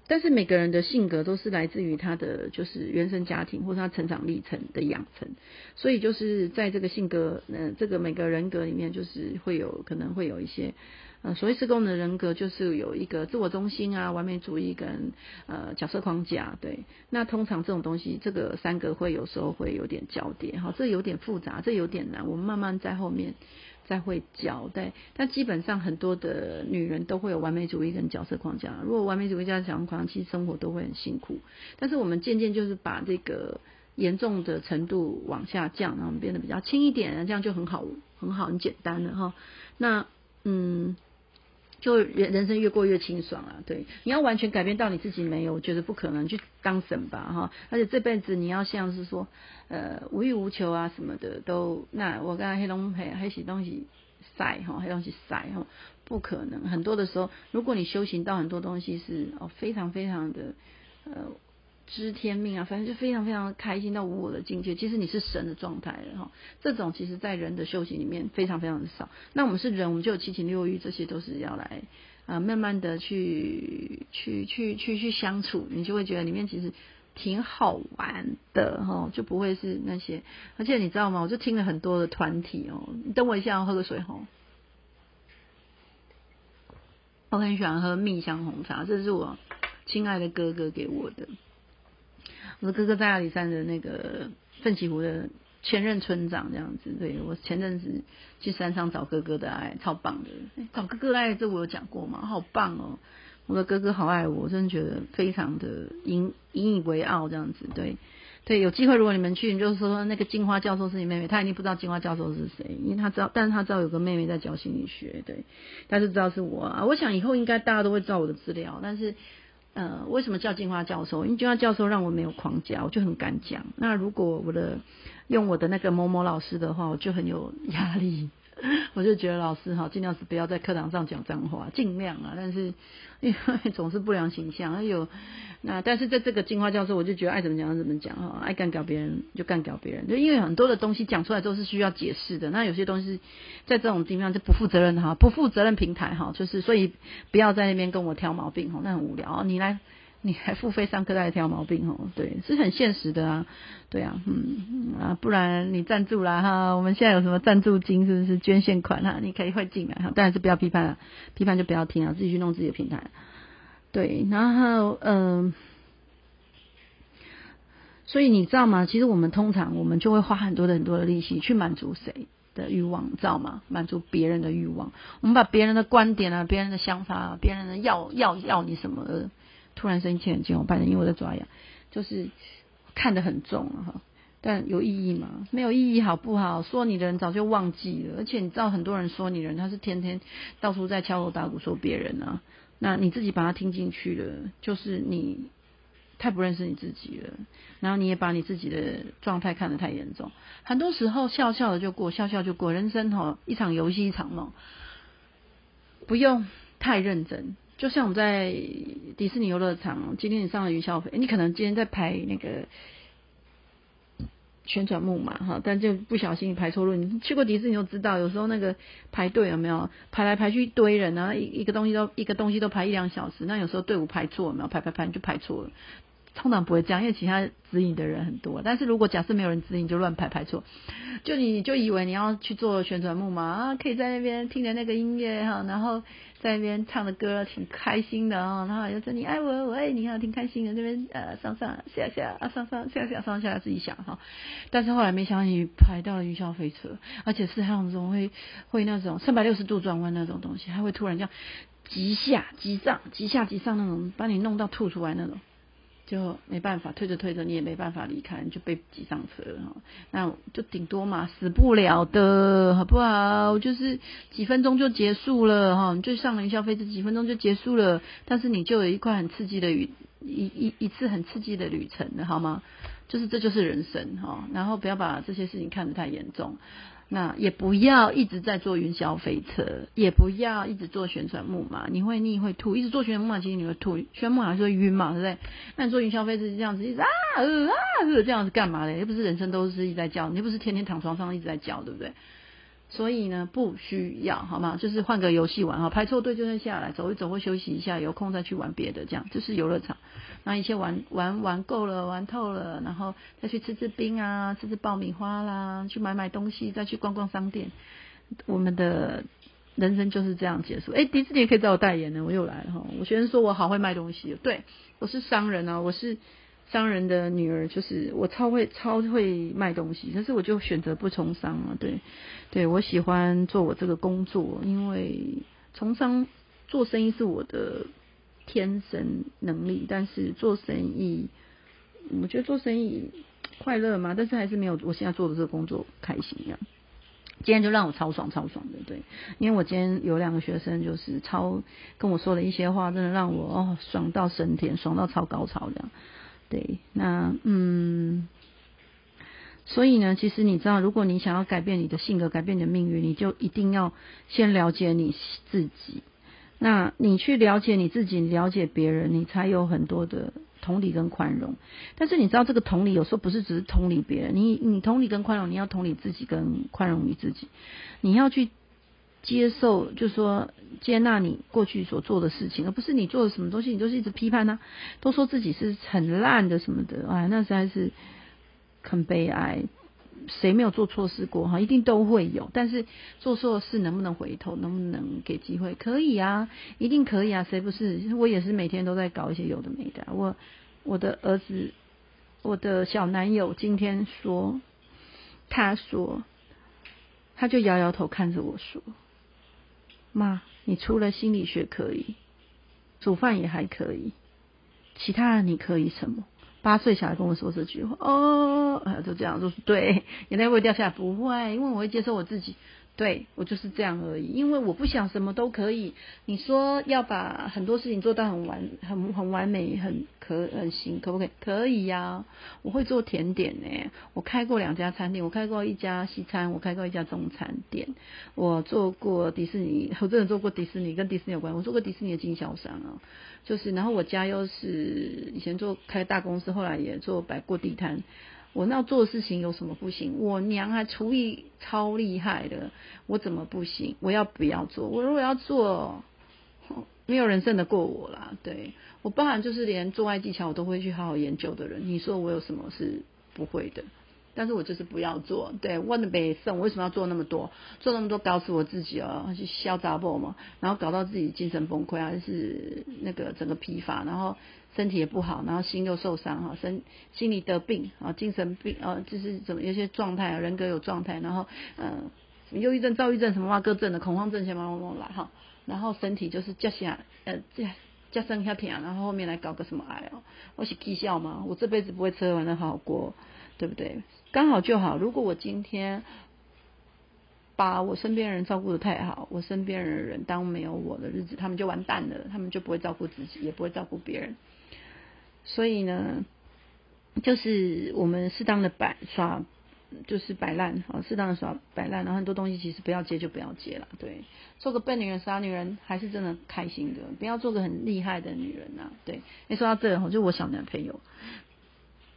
但是每個人的性格都是來自於他的就是原生家庭或者他成長歷程的養成，所以就是在這個性格，嗯、呃，這個每個人格裡面，就是會有可能會有一些，呃、所謂四宮的人格，就是有一個自我中心啊、完美主義跟呃角色框架。對，那通常這種東西，這個三個會有時候會有點交疊，哈，這有點複雜，這有點難，我們慢慢在後面。再會交代，但基本上很多的女人都會有完美主義跟角色框架。如果完美主義加角色框架，其實生活都會很辛苦。但是我們漸漸就是把這個嚴重的程度往下降，然後變得比較輕一點，這樣就很好，很好，很簡單了。哈。那嗯。就人人生越過越清爽啊，對，你要完全改變到你自己沒有，我覺得不可能去當神吧哈，而且這輩子你要像是說，呃無欲無求啊什麼的都，那我剛才黑東黑黑洗東西曬哈，黑東西曬哈，不可能，很多的時候，如果你修行到很多東西是哦、喔、非常非常的，呃。知天命啊，反正就非常非常開心到無我的境界。其實你是神的狀態了哈。這種其實，在人的修行裡面非常非常的少。那我們是人，我們就有七情六慾，這些都是要來呃慢慢的去去去去去相處，你就會覺得裡面其實挺好玩的哈，就不會是那些。而且你知道嗎？我就聽了很多的團體哦、喔。你等我一下，我喝個水哈、喔。我很喜歡喝蜜香紅茶，這是我親愛的哥哥給我的。我的哥哥在阿里山的那個奮起湖的前任村長這樣子，對我前陣子去山上找哥哥的，愛，超棒的！欸、找哥哥的愛這我有講過嗎？好棒哦、喔！我的哥哥好愛我，我真的覺得非常的引引以為傲這樣子。對，對，有機會如果你們去，你就是說，說那個金花教授是你妹妹，她一定不知道金花教授是誰，因為她知道，但是她知道有個妹妹在教心理學，對，她就知道是我啊。我想以後應該大家都會知道我的資料，但是。呃，為什麼叫金花教授？因為金花教授讓我沒有框架，我就很敢講。那如果我的用我的那個某某老師的話，我就很有壓力。我就覺得老師哈，儘量是不要在課堂上講髒話，儘量啊。但是因為總是不良形象，哎呦，那、啊、但是在這個進化教室，我就覺得愛怎麼講就怎麼講哈、哦，愛幹譙別人就幹譙別人。就因為很多的東西講出來都是需要解釋的，那有些東西是在這種地方就不負責任哈，不負責任平台哈，就是所以不要在那邊跟我挑毛病哈、哦，那很無聊你來。你還付費上課在挑毛病哦？對，是很現實的啊，對啊，嗯，嗯啊，不然你贊助啦哈，我們現在有什麼贊助金是不是捐獻款啊？你可以會進來哈，但是不要批判啊。批判就不要聽啊，自己去弄自己的平台。對，然後嗯、呃，所以你知道嗎？其實我們通常我們就會花很多的很多的力氣去滿足誰的慾望，知道嗎？滿足別人的慾望，我們把別人的觀點啊、別人的想法啊，別人的要要要你什麼的。突然聲音切很近，我怕人，因為我在抓癢，就是看得很重了哈。但有意義嗎？沒有意義，好不好？說你的人早就忘記了，而且你知道，很多人說你的人，他是天天到處在敲鑼打鼓說別人啊。那你自己把他聽進去了，就是你太不認識你自己了。然後你也把你自己的狀態看得太嚴重。很多時候笑笑的就過，笑笑就過。人生哈，一場遊戲一場夢，不用太認真。就像我們在迪士尼遊樂場，今天你上了雲霄飛，你可能今天在排那個旋轉木馬哈，但就不小心你排錯路。你去過迪士尼就知道，有時候那個排隊有沒有排來排去一堆人啊，一一個東西都一個東西都排一兩小時。那有時候隊伍排錯有沒有，排排排你就排錯了，通常不會這樣，因為其他指引的人很多。但是如果假設沒有人指引，你就亂排排錯，就你就以為你要去做旋轉木馬啊，可以在那邊聽著那個音樂哈，然後。在那邊唱的歌挺開心的啊、喔，然後就說你愛我，我愛你啊，挺開心的。這邊呃上上，下下、啊、上，上下下，上上下下，上下自己想哈、喔。但是後來沒想到你排到了雲霄飛車，而且是那種會會那種三百六十度轉彎那種東西，還會突然這樣急下急上，急下急上那種，把你弄到吐出來那種。就沒辦法推着推着，你也沒辦法離開，你就被擠上車了哈。那就頂多嘛死不了的好不好？就是幾分鐘就結束了哈，你就上了雲霄飛車幾分鐘就結束了，但是你就有一塊很刺激的旅一一一次很刺激的旅程了，好嗎？就是這就是人生哈，然後不要把這些事情看得太嚴重。那也不要一直在坐雲霄飛車，也不要一直坐旋轉木馬，你會膩會吐。一直坐旋轉木馬，其實你會吐；旋轉木馬就會暈嘛，對不對？那你坐雲霄飛車是這樣子，一直啊、呃、啊、呃、這樣子幹嘛嘞？又不是人生都是一直在叫，你又不是天天躺床上一直在叫，對不對？所以呢，不需要，好嗎？就是換個遊戲玩哈，排錯隊就算下來，走一走或休息一下，有空再去玩別的，這樣就是遊樂場。那一些玩玩玩夠了玩透了，然後再去吃吃冰啊，吃吃爆米花啦，去買買東西，再去逛逛商店。我們的人生就是這樣結束。誒，迪士尼也可以找我代言呢，我又來了哈、哦。我學生說我好會賣東西，對，我是商人啊，我是商人的女兒，就是我超會超會賣東西，但是我就選擇不從商了、啊。對，對我喜歡做我這個工作，因為從商做生意是我的。天生能力，但是做生意，我覺得做生意快樂嘛，但是還是沒有我現在做的這個工作開心呀。今天就讓我超爽超爽的，對，因為我今天有兩個學生，就是超跟我說了一些話，真的讓我哦爽到升天，爽到超高潮的。對，那嗯，所以呢，其實你知道，如果你想要改變你的性格，改變你的命運，你就一定要先了解你自己。那你去了解你自己，了解別人，你才有很多的同理跟寬容。但是你知道，這個同理有時候不是只是同理別人，你你同理跟寬容，你要同理自己跟寬容你自己，你要去接受，就是說接納你過去所做的事情，而不是你做了什麼東西，你都是一直批判他，啊，都說自己是很爛的什麼的，哎、啊，那實在是很悲哀。誰沒有做錯事過哈？一定都會有，但是做錯事能不能回頭，能不能給機會？可以啊，一定可以啊，誰不是？我也是每天都在搞一些有的沒的啊。我我的兒子，我的小男友今天說，他說，他就搖搖頭看着我說：“媽，你除了心理學可以，煮飯也還可以，其他的你可以什麼？”八歲小孩跟我說這句話，哦，就這樣就是對，眼淚會掉下來，不會，因為我會接受我自己。對，我就是這樣而已，因為我不想什麼都可以。你說要把很多事情做到很完，很很完美、很可，很行，可不可以？可以呀，啊，我會做甜點呢、欸。我開過兩家餐廳，我開過一家西餐，我開過一家中餐店，我做過迪士尼，我真的做過迪士尼，跟迪士尼有關，我做過迪士尼的經銷商啊。就是，然後我家又是以前做開大公司，後來也做擺過地攤。我要做的事情有什麼不行？我娘還廚藝超厲害的，我怎麼不行？我要不要做？我如果要做，沒有人勝得過我啦。對，我包含就是連做愛技巧我都會去好好研究的人。你說我有什麼是不會的？但是我就是不要做。對，one 的倍勝，我為什麼要做那麼多？做那麼多搞死我自己哦，去削雜爆嘛，然後搞到自己精神崩潰，還是那個整個疲乏，然後。身體也不好，然後心又受傷哈，心心理得病啊，精神病啊，就是怎麼有些狀態啊，人格有狀態，然後呃，憂鬱症、躁鬱症什麼哇各症的，恐慌症先慢慢來哈，然後身體就是腳下呃腳腳生下痛，然後後面來搞個什麼癌哦、啊，我是績效嘛，我這輩子不會吃完玩的好過，對不對？剛好就好，如果我今天把我身邊人照顧得太好，我身邊人的人當沒有我的日子，他們就完蛋了，他們就不會照顧自己，也不會照顧別人。所以呢，就是我們適當的擺耍，就是擺爛啊，適、哦、當的耍擺爛，然後很多東西其實不要接就不要接了，對，做個笨女人、傻女人還是真的開心的，不要做個很厲害的女人吶，對。你說到這，我就我小男朋友，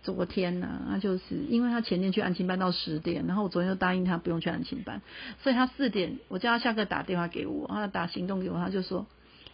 昨天吶，啊，他就是因為他前天去安親班到十點，然後我昨天就答應他不用去安親班，所以他四點我叫他下課打電話給我，他打行動給我，他就說。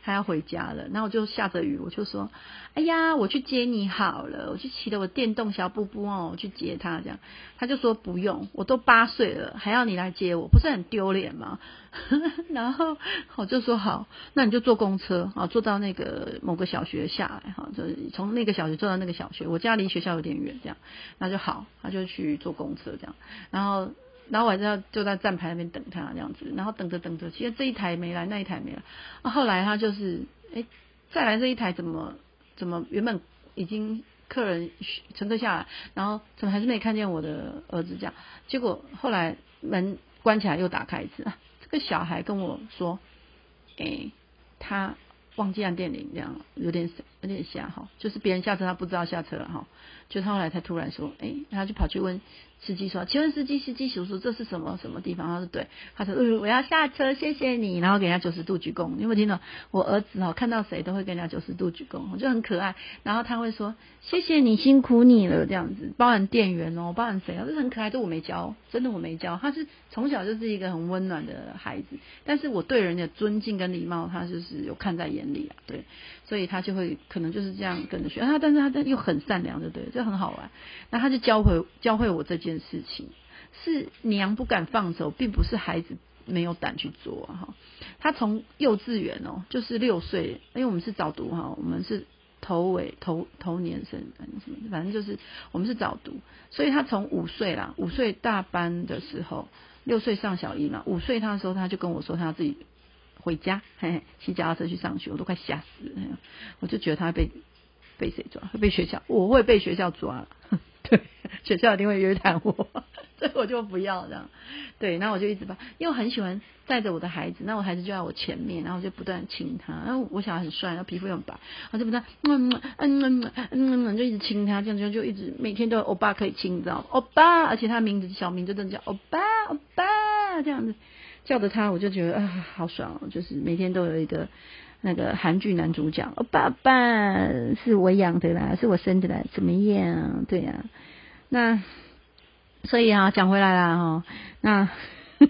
他要回家了，然後我就下着雨，我就說，哎呀，我去接你好了，我去騎着我電動小步步哦，我去接他這樣，他就說不用，我都八歲了，還要你來接我，不是很丟臉嗎？ 然後我就說好，那你就坐公車啊，坐到那個某個小學下來哈，就從那個小學坐到那個小學，我家離學校有點遠，這樣，那就好，他就去坐公車這樣，然後。然後我就要就在站牌那邊等他這樣子，然後等着等着，其實這一台沒來，那一台沒來。啊，後來他就是，哎，再來這一台怎麼怎麼原本已經客人乘客下來，然後怎麼還是沒看見我的兒子這樣。結果後來門關起來又打開一次，啊，這個小孩跟我說，哎，他忘記按電鈴，這樣有點有點瞎哈，哦，就是別人下車他不知道下車了哈。哦就他後來，他突然說：“哎、欸，他就跑去問司機說，請問司機，司機叔叔，這是什麼什麼地方？”他說：“對。”他說、嗯：“我要下車，謝謝你。”然後給人家九十度鞠躬。你有沒有聽到？我兒子哦、喔，看到誰都會給人家九十度鞠躬，我就很可愛。然後他會說：“謝謝你，辛苦你了。”這樣子，包含店員哦、喔，包含誰啊？這很可愛。這我沒教，真的我沒教。他是從小就是一個很溫暖的孩子。但是我對人的尊敬跟禮貌，他就是有看在眼裡啊。對。所以他就會可能就是這樣跟着學，他、啊、但是他又很善良，對不對？這很好玩。那他就教會教會我這件事情，是娘不敢放手，並不是孩子沒有膽去做哈、啊哦。他從幼稚園哦，就是六歲，因為我們是早讀哈、哦，我們是頭尾頭頭年生，反正就是我們是早讀，所以他從五歲啦，五歲大班的時候，六歲上小一嘛，五歲他的時候他就跟我說，他自己。回家，嘿、嘿，騎腳踏車去上學，我都快嚇死了。我就覺得他會被被誰抓，會被學校，我會被學校抓，對，學校一定會約談我，所以我就不要這樣。對，那我就一直抱，因為我很喜歡帶着我的孩子。那我孩子就在我前面，然後我就不斷親他。然後我小孩很帥，然後皮膚又很白，我就不斷嗯嗯嗯嗯、嗯、嗯、嗯，就一直親他。這樣子就一直每天都有歐巴可以親，你知道嗎？歐巴，而且他名字小名字真的叫歐巴歐巴，這樣子。叫的他，我就覺得啊，好爽哦，喔！就是每天都有一個那個韓劇男主角，爸爸是我養的啦，是我生的啦，怎麼樣，啊？對呀，啊，那所以啊，講回來啦，哈，那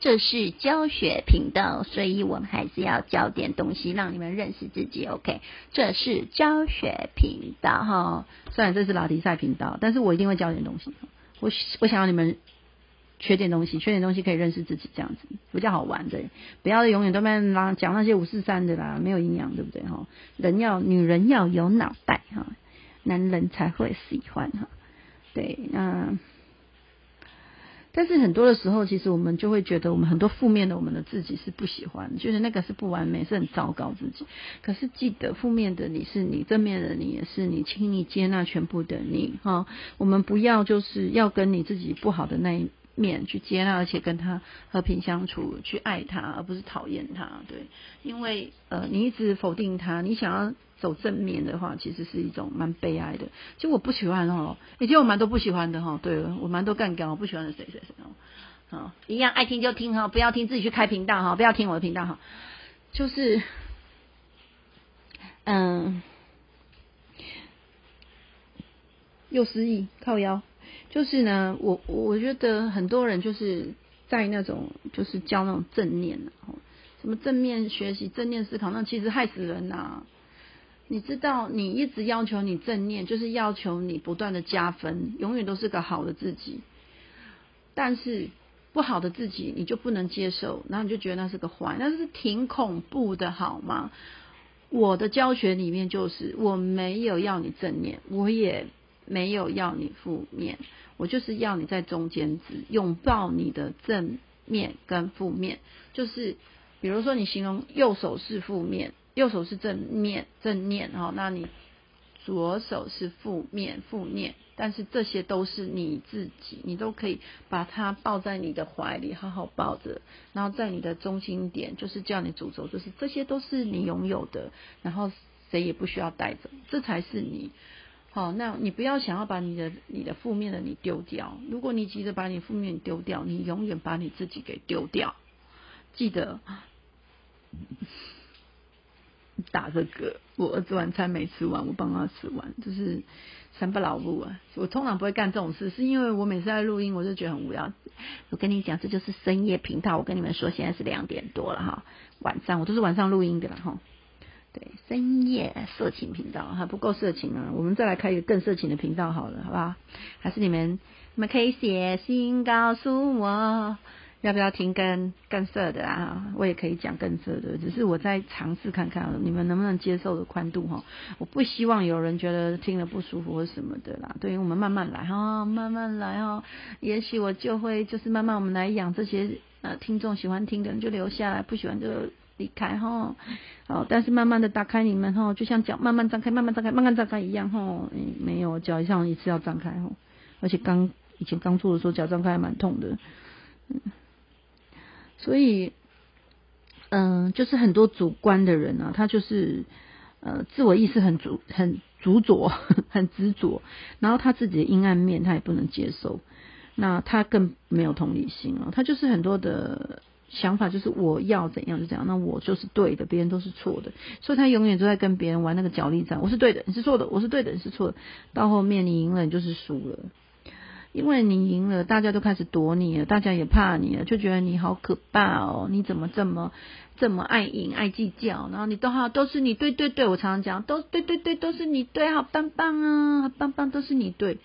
這是教學頻道，所以我們還是要教點東西，讓你們認識自己。OK，這是教學頻道哈，雖然這是拉迪賽頻道，但是我一定會教點東西。我我想要你們。缺點東西，缺點東西可以認識自己，這樣子比較好玩的。不要永遠都蠻講那，那些五四三的啦，沒有營養，對不對？哈，人要女人要有腦袋哈，男人才會喜歡哈。對，嗯，但是很多的時候，其實我們就會覺得我們很多負面的，我們的自己是不喜歡，就是那個是不完美，是很糟糕自己。可是記得，負面的你是你，正面的你也是你，輕易接納全部的你哈。我們不要就是要跟你自己不好的那一。面去接納，而且跟他和平相處，去愛他，而不是討厭他。對，因為呃，你一直否定他，你想要走正面的話，其實是一種蠻悲哀的。其實我不喜歡哦，以前我蠻多不喜歡的哈、哦，對，我蠻多幹掉，我不喜歡誰誰誰哦，好，一樣愛聽就聽哈、哦，不要聽自己去開頻道哈、哦，不要聽我的頻道哈，就是，嗯，又失憶，靠腰。就是呢，我我覺得很多人就是在那種就是教那種正念，什麼正面學習、正念思考，那其實害死人吶！你知道，你一直要求你正念，就是要求你不斷的加分，永遠都是個好的自己，但是不好的自己你就不能接受，然後你就覺得那是個壞，那是挺恐怖的，好嗎？我的教學裡面就是，我沒有要你正念，我也。沒有要你負面，我就是要你在中間子擁抱你的正面跟負面。就是比如說，你形容右手是負面，右手是正面正念哈，那你左手是負面負念，但是這些都是你自己，你都可以把它抱在你的懷裡，好好抱着。然後在你的中心點，就是叫你主軸，就是這些都是你擁有的，然後誰也不需要帶走，這才是你。好、哦，那你不要想要把你的你的負面的你丟掉。如果你急着把你負面丟掉，你永遠把你自己給丟掉。記得打這個。我兒子晚餐沒吃完，我幫他吃完，就是三不老路啊。我通常不會幹這種事，是因為我每次在錄音，我就覺得很無聊。我跟你講，這就是深夜頻道。我跟你們說，現在是兩點多了哈，晚上我都是晚上錄音的啦哈。對，深夜色情頻道還不夠色情啊！我們再來開一個更色情的頻道好了，好不好？還是你們，你們可以寫信告訴我要不要聽更更色的啊！我也可以講更色的，只是我在嘗試看看你們能不能接受的寬度哈！我不希望有人覺得聽了不舒服或什麼的啦。對於我們慢慢來哈、哦，慢慢來哈，也許我就會就是慢慢我們來養這些呃聽眾喜歡聽的人就留下來，不喜歡就離開哈，好，但是慢慢的打開你們哈，就像腳慢慢張開，慢慢張開，慢慢張開一樣哈、欸。沒有腳，像一次要張開哈，而且剛以前剛做的時候，腳張開還蠻痛的。所以，嗯、呃，就是很多主觀的人啊，他就是呃，自我意識很主很執着，很執着，然後他自己的陰暗面他也不能接受，那他更沒有同理心了、喔，他就是很多的想法，就是我要怎樣就怎樣，那我就是對的，別人都是錯的，所以他永遠都在跟別人玩那個角力戰。我是對的，你是錯的；我是對的，你是錯的。到後面你贏了，你就是輸了，因為你贏了，大家都開始躲你了，大家也怕你了，就覺得你好可怕哦！你怎麼這麼這麼愛贏愛計較？然後你都好都是你對對對，我常常講都對對對，都是你對，好棒棒啊，好棒棒都是你對。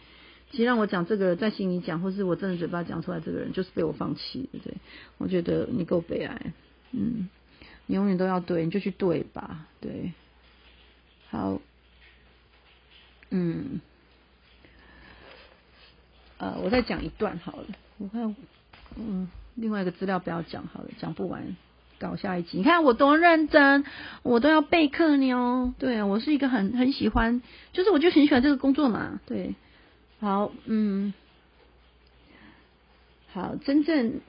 其實讓我講這個，在心裡講，或是我真的嘴巴講出來，這個人就是被我放棄，對，我覺得你夠悲哀，嗯，你永遠都要對，你就去對吧，對。好，嗯，呃，我再講一段好了，我看，嗯，另外一個資料不要講好了，講不完，搞下一集。你看我多認真，我都要備課你哦、喔。對，我是一個很很喜歡，就是我就很喜歡這個工作嘛，對。好，嗯，好，真正，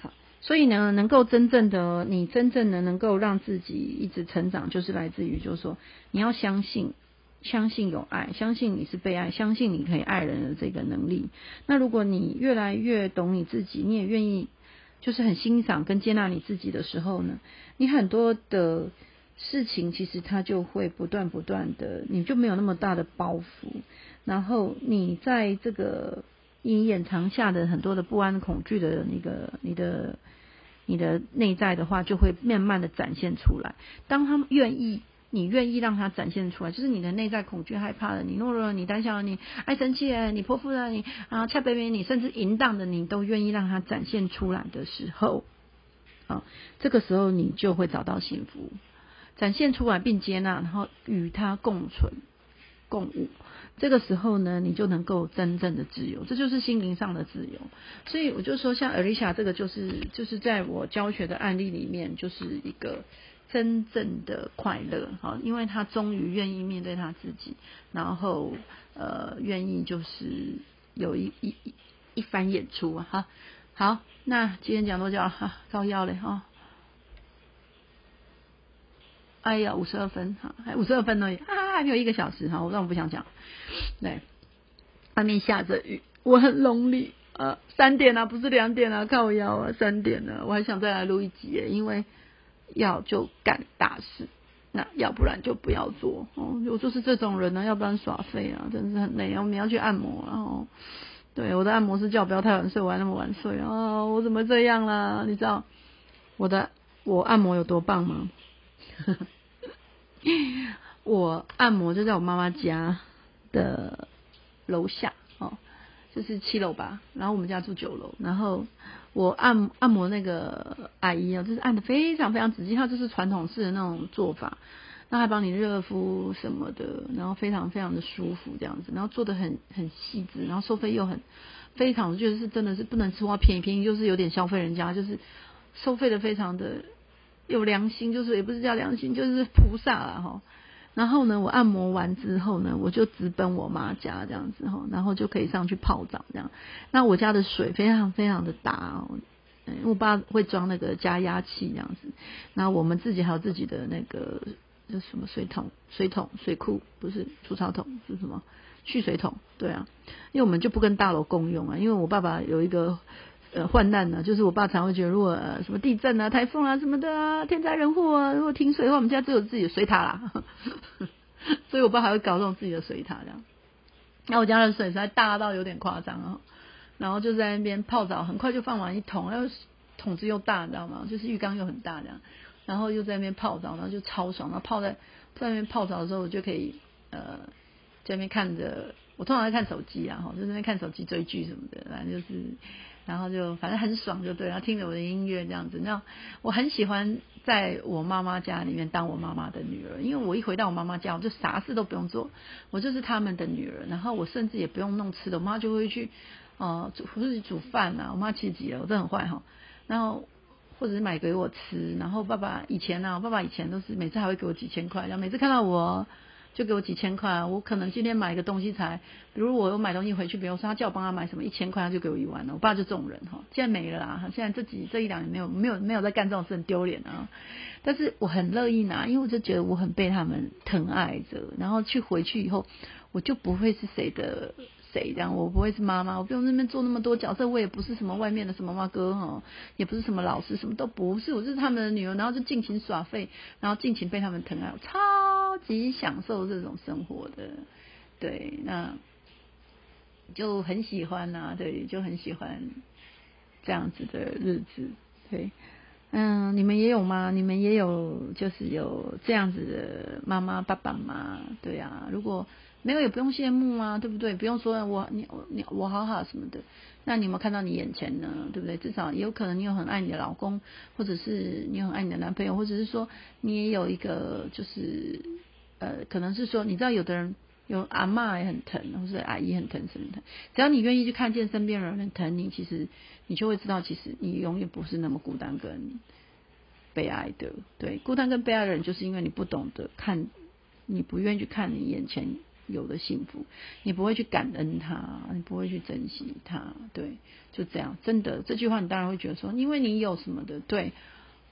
好，所以呢，能夠真正的，你真正的能夠讓自己一直成長，就是來自於，就是說，你要相信，相信有愛，相信你是被愛，相信你可以愛人的這個能力。那如果你越來越懂你自己，你也願意，就是很欣賞跟接納你自己的時候呢，你很多的。事情其實它就會不斷不斷的，你就沒有那麼大的包袱。然後你在這個你掩藏下的很多的不安、恐懼的那個、你的、你的內在的話，就會慢慢的展現出來。當他們願意，你願意讓他展現出來，就是你的內在恐懼、害怕了，你懦弱了、你膽小了，你愛生氣了、你潑婦了，你啊、恰北北，你甚至淫蕩的你，都願意讓他展現出來的時候，啊，這個時候你就會找到幸福。展現出來並接納，然後與他共存共舞，這個時候呢，你就能夠真正的自由，這就是心靈上的自由。所以我就說，像 Alisa 這個，就是就是在我教學的案例裡面，就是一個真正的快樂哈，因為他終於願意面對他自己，然後呃，願意就是有一一一一番演出哈、啊。好，那今天講多久啊？造要了啊。哎呀，五十二分哈，還五十二分呢，啊，還沒有一個小時哈，我根本不想講。來，外面下着雨，我很 lonely，啊，呃，三點啊，不是兩點啊，靠腰啊，三點啊，我還想再來錄一集耶，因為要就幹大事，那要不然就不要做哦。我就是這種人呢、啊，要不然耍廢啊，真是很累。我們要去按摩、啊，然、哦、後對我的按摩師叫我不要太晚睡，我還那麼晚睡啊、哦，我怎麼這樣啦、啊？你知道我的我按摩有多棒嗎？ 我按摩就在我媽媽家的樓下，哦，就是七樓吧。然後我們家住九樓。然後我按按摩那個阿姨啊、哦，就是按的非常非常仔細，她就是傳統式的那種做法，那還幫你熱敷什麼的，然後非常非常的舒服這樣子。然後做的很很細緻，然後收費又很非常，就是真的是不能說便宜便宜，就是有點消費人家，就是收費的非常的。有良心，就是也不是叫良心，就是菩薩了哈。然後呢，我按摩完之後呢，我就直奔我媽家這樣子哈，然後就可以上去泡澡這樣。那我家的水非常非常的大哦、欸，我爸會裝那個加壓器這樣子。那我們自己還有自己的那個叫什麼水桶、水桶、水庫，不是儲槽桶，是什麼蓄水桶？對啊，因為我們就不跟大樓共用啊，因為我爸爸有一個。呃，患難呢、啊，就是我爸常會覺得，如果，呃、什麼地震啊、颱風啊什麼的啊，天災人禍啊，如果停水的話，我們家只有自己的水塔啦。 所以我爸還會搞這種自己的水塔這樣。那，啊、我家的水還大到有點誇張啊，然後就在那邊泡澡，很快就放完一桶，因為桶子又大，你知道嗎？就是浴缸又很大這樣，然後又在那邊泡澡，然後就超爽。然後泡在在那邊泡澡的時候，我就可以呃，在那邊看著，我通常在看手機啊，哈，就在那邊看手機追劇什麼的，反正就是。然後就反正很爽就對，然後聽着我的音樂這樣子。那我很喜歡在我媽媽家裡面當我媽媽的女兒，因為我一回到我媽媽家，我就啥事都不用做，我就是他們的女兒。然後我甚至也不用弄吃的，我媽就會去呃煮自己煮飯吶、啊，我媽氣急了，我真的很壞哈，然後或者是買給我吃。然後爸爸以前呢、啊，我爸爸以前都是每次還會給我幾千塊，然後每次看到我，就給我幾千塊啊！我可能今天買一個東西才，比如我有買東西回去，比如說他叫我幫他買什麼，一千塊他就給我一萬了。我爸就這種人哈，現在沒了啦。現在這幾這一兩年沒有沒有沒有在幹這種事，很丟臉啊。但是我很樂意拿啊，因為我就覺得我很被他們疼愛着。然後去回去以後，我就不會是誰的誰這樣，我不會是媽媽，我不用那邊做那麼多角色，我也不是什麼外面的什麼媽哥哈，也不是什麼老師，什麼都不是，我就是他們的女兒，然後就尽情耍廢，然後盡情被他們疼愛，我操。極享受這種生活的，對，那就很喜歡啊，對，就很喜歡這樣子的日子，對，嗯，你們也有嗎？你們也有，就是有這樣子的媽媽、爸爸嗎？對啊。如果沒有，也不用羨慕啊，對不對？不用說我，你，我，你，我好好什麼的。那你們看到你眼前呢？對不對？至少也有可能你有很愛你的老公，或者是你很愛你的男朋友，或者是說你也有一個就是。呃，可能是說，你知道，有的人有阿嬤也很疼，或是阿姨很疼，什麼疼？只要你願意去看見身邊人很疼你，其實你就會知道，其實你永遠不是那麼孤單跟悲哀的。對，孤單跟悲哀的人，就是因為你不懂得看，你不願意去看你眼前有的幸福，你不會去感恩他，你不會去珍惜他，對，就這樣。真的，這句話你當然會覺得說，因為你有什麼的？對，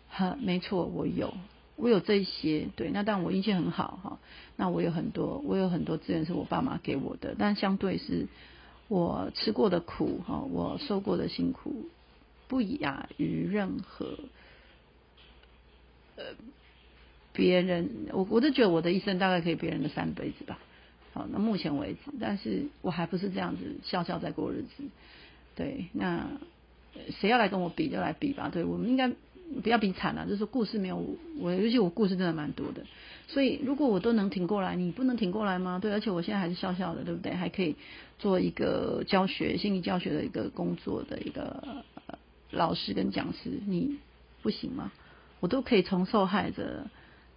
哈，沒錯，我有。我有這些，對，那但我運氣很好哈。那我有很多，我有很多資源是我爸媽給我的，但相對是我吃過的苦哈，我受過的辛苦，不亞於任何呃別人。我我都覺得我的一生大概可以別人的三輩子吧。好，那目前為止，但是我還不是這樣子笑笑在過日子。對，那誰要來跟我比就來比吧。對，我們應該。不要比慘了、啊，就是說故事沒有我，尤其我故事真的蠻多的，所以如果我都能挺過來，你不能挺過來嗎？對，而且我現在還是笑笑的，對不對？還可以做一個教學、心理教學的一個工作的一個、呃、老師跟講師，你不行嗎？我都可以從受害者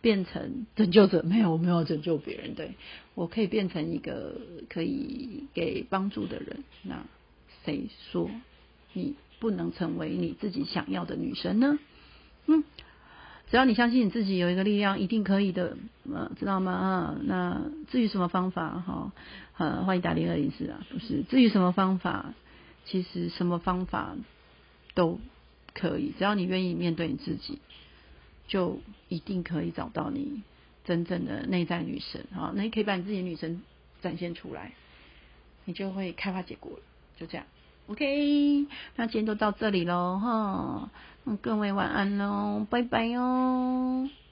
變成拯救者，沒有，我沒有拯救別人，對，我可以變成一個可以給幫助的人，那誰說你不能成為你自己想要的女神呢？嗯，只要你相信你自己有一個力量，一定可以的，嗯、啊，知道嗎？啊，那至於什麼方法，哈、啊，呃、啊，歡迎打零二零四啊，不是，至於什麼方法，其實什麼方法都可以，只要你願意面對你自己，就一定可以找到你真正的內在女神啊！那你可以把你自己的女神展現出來，你就會開花結果了，就這樣。OK，那今天就到這裡嘍哈，各位晚安嘍，拜拜喲。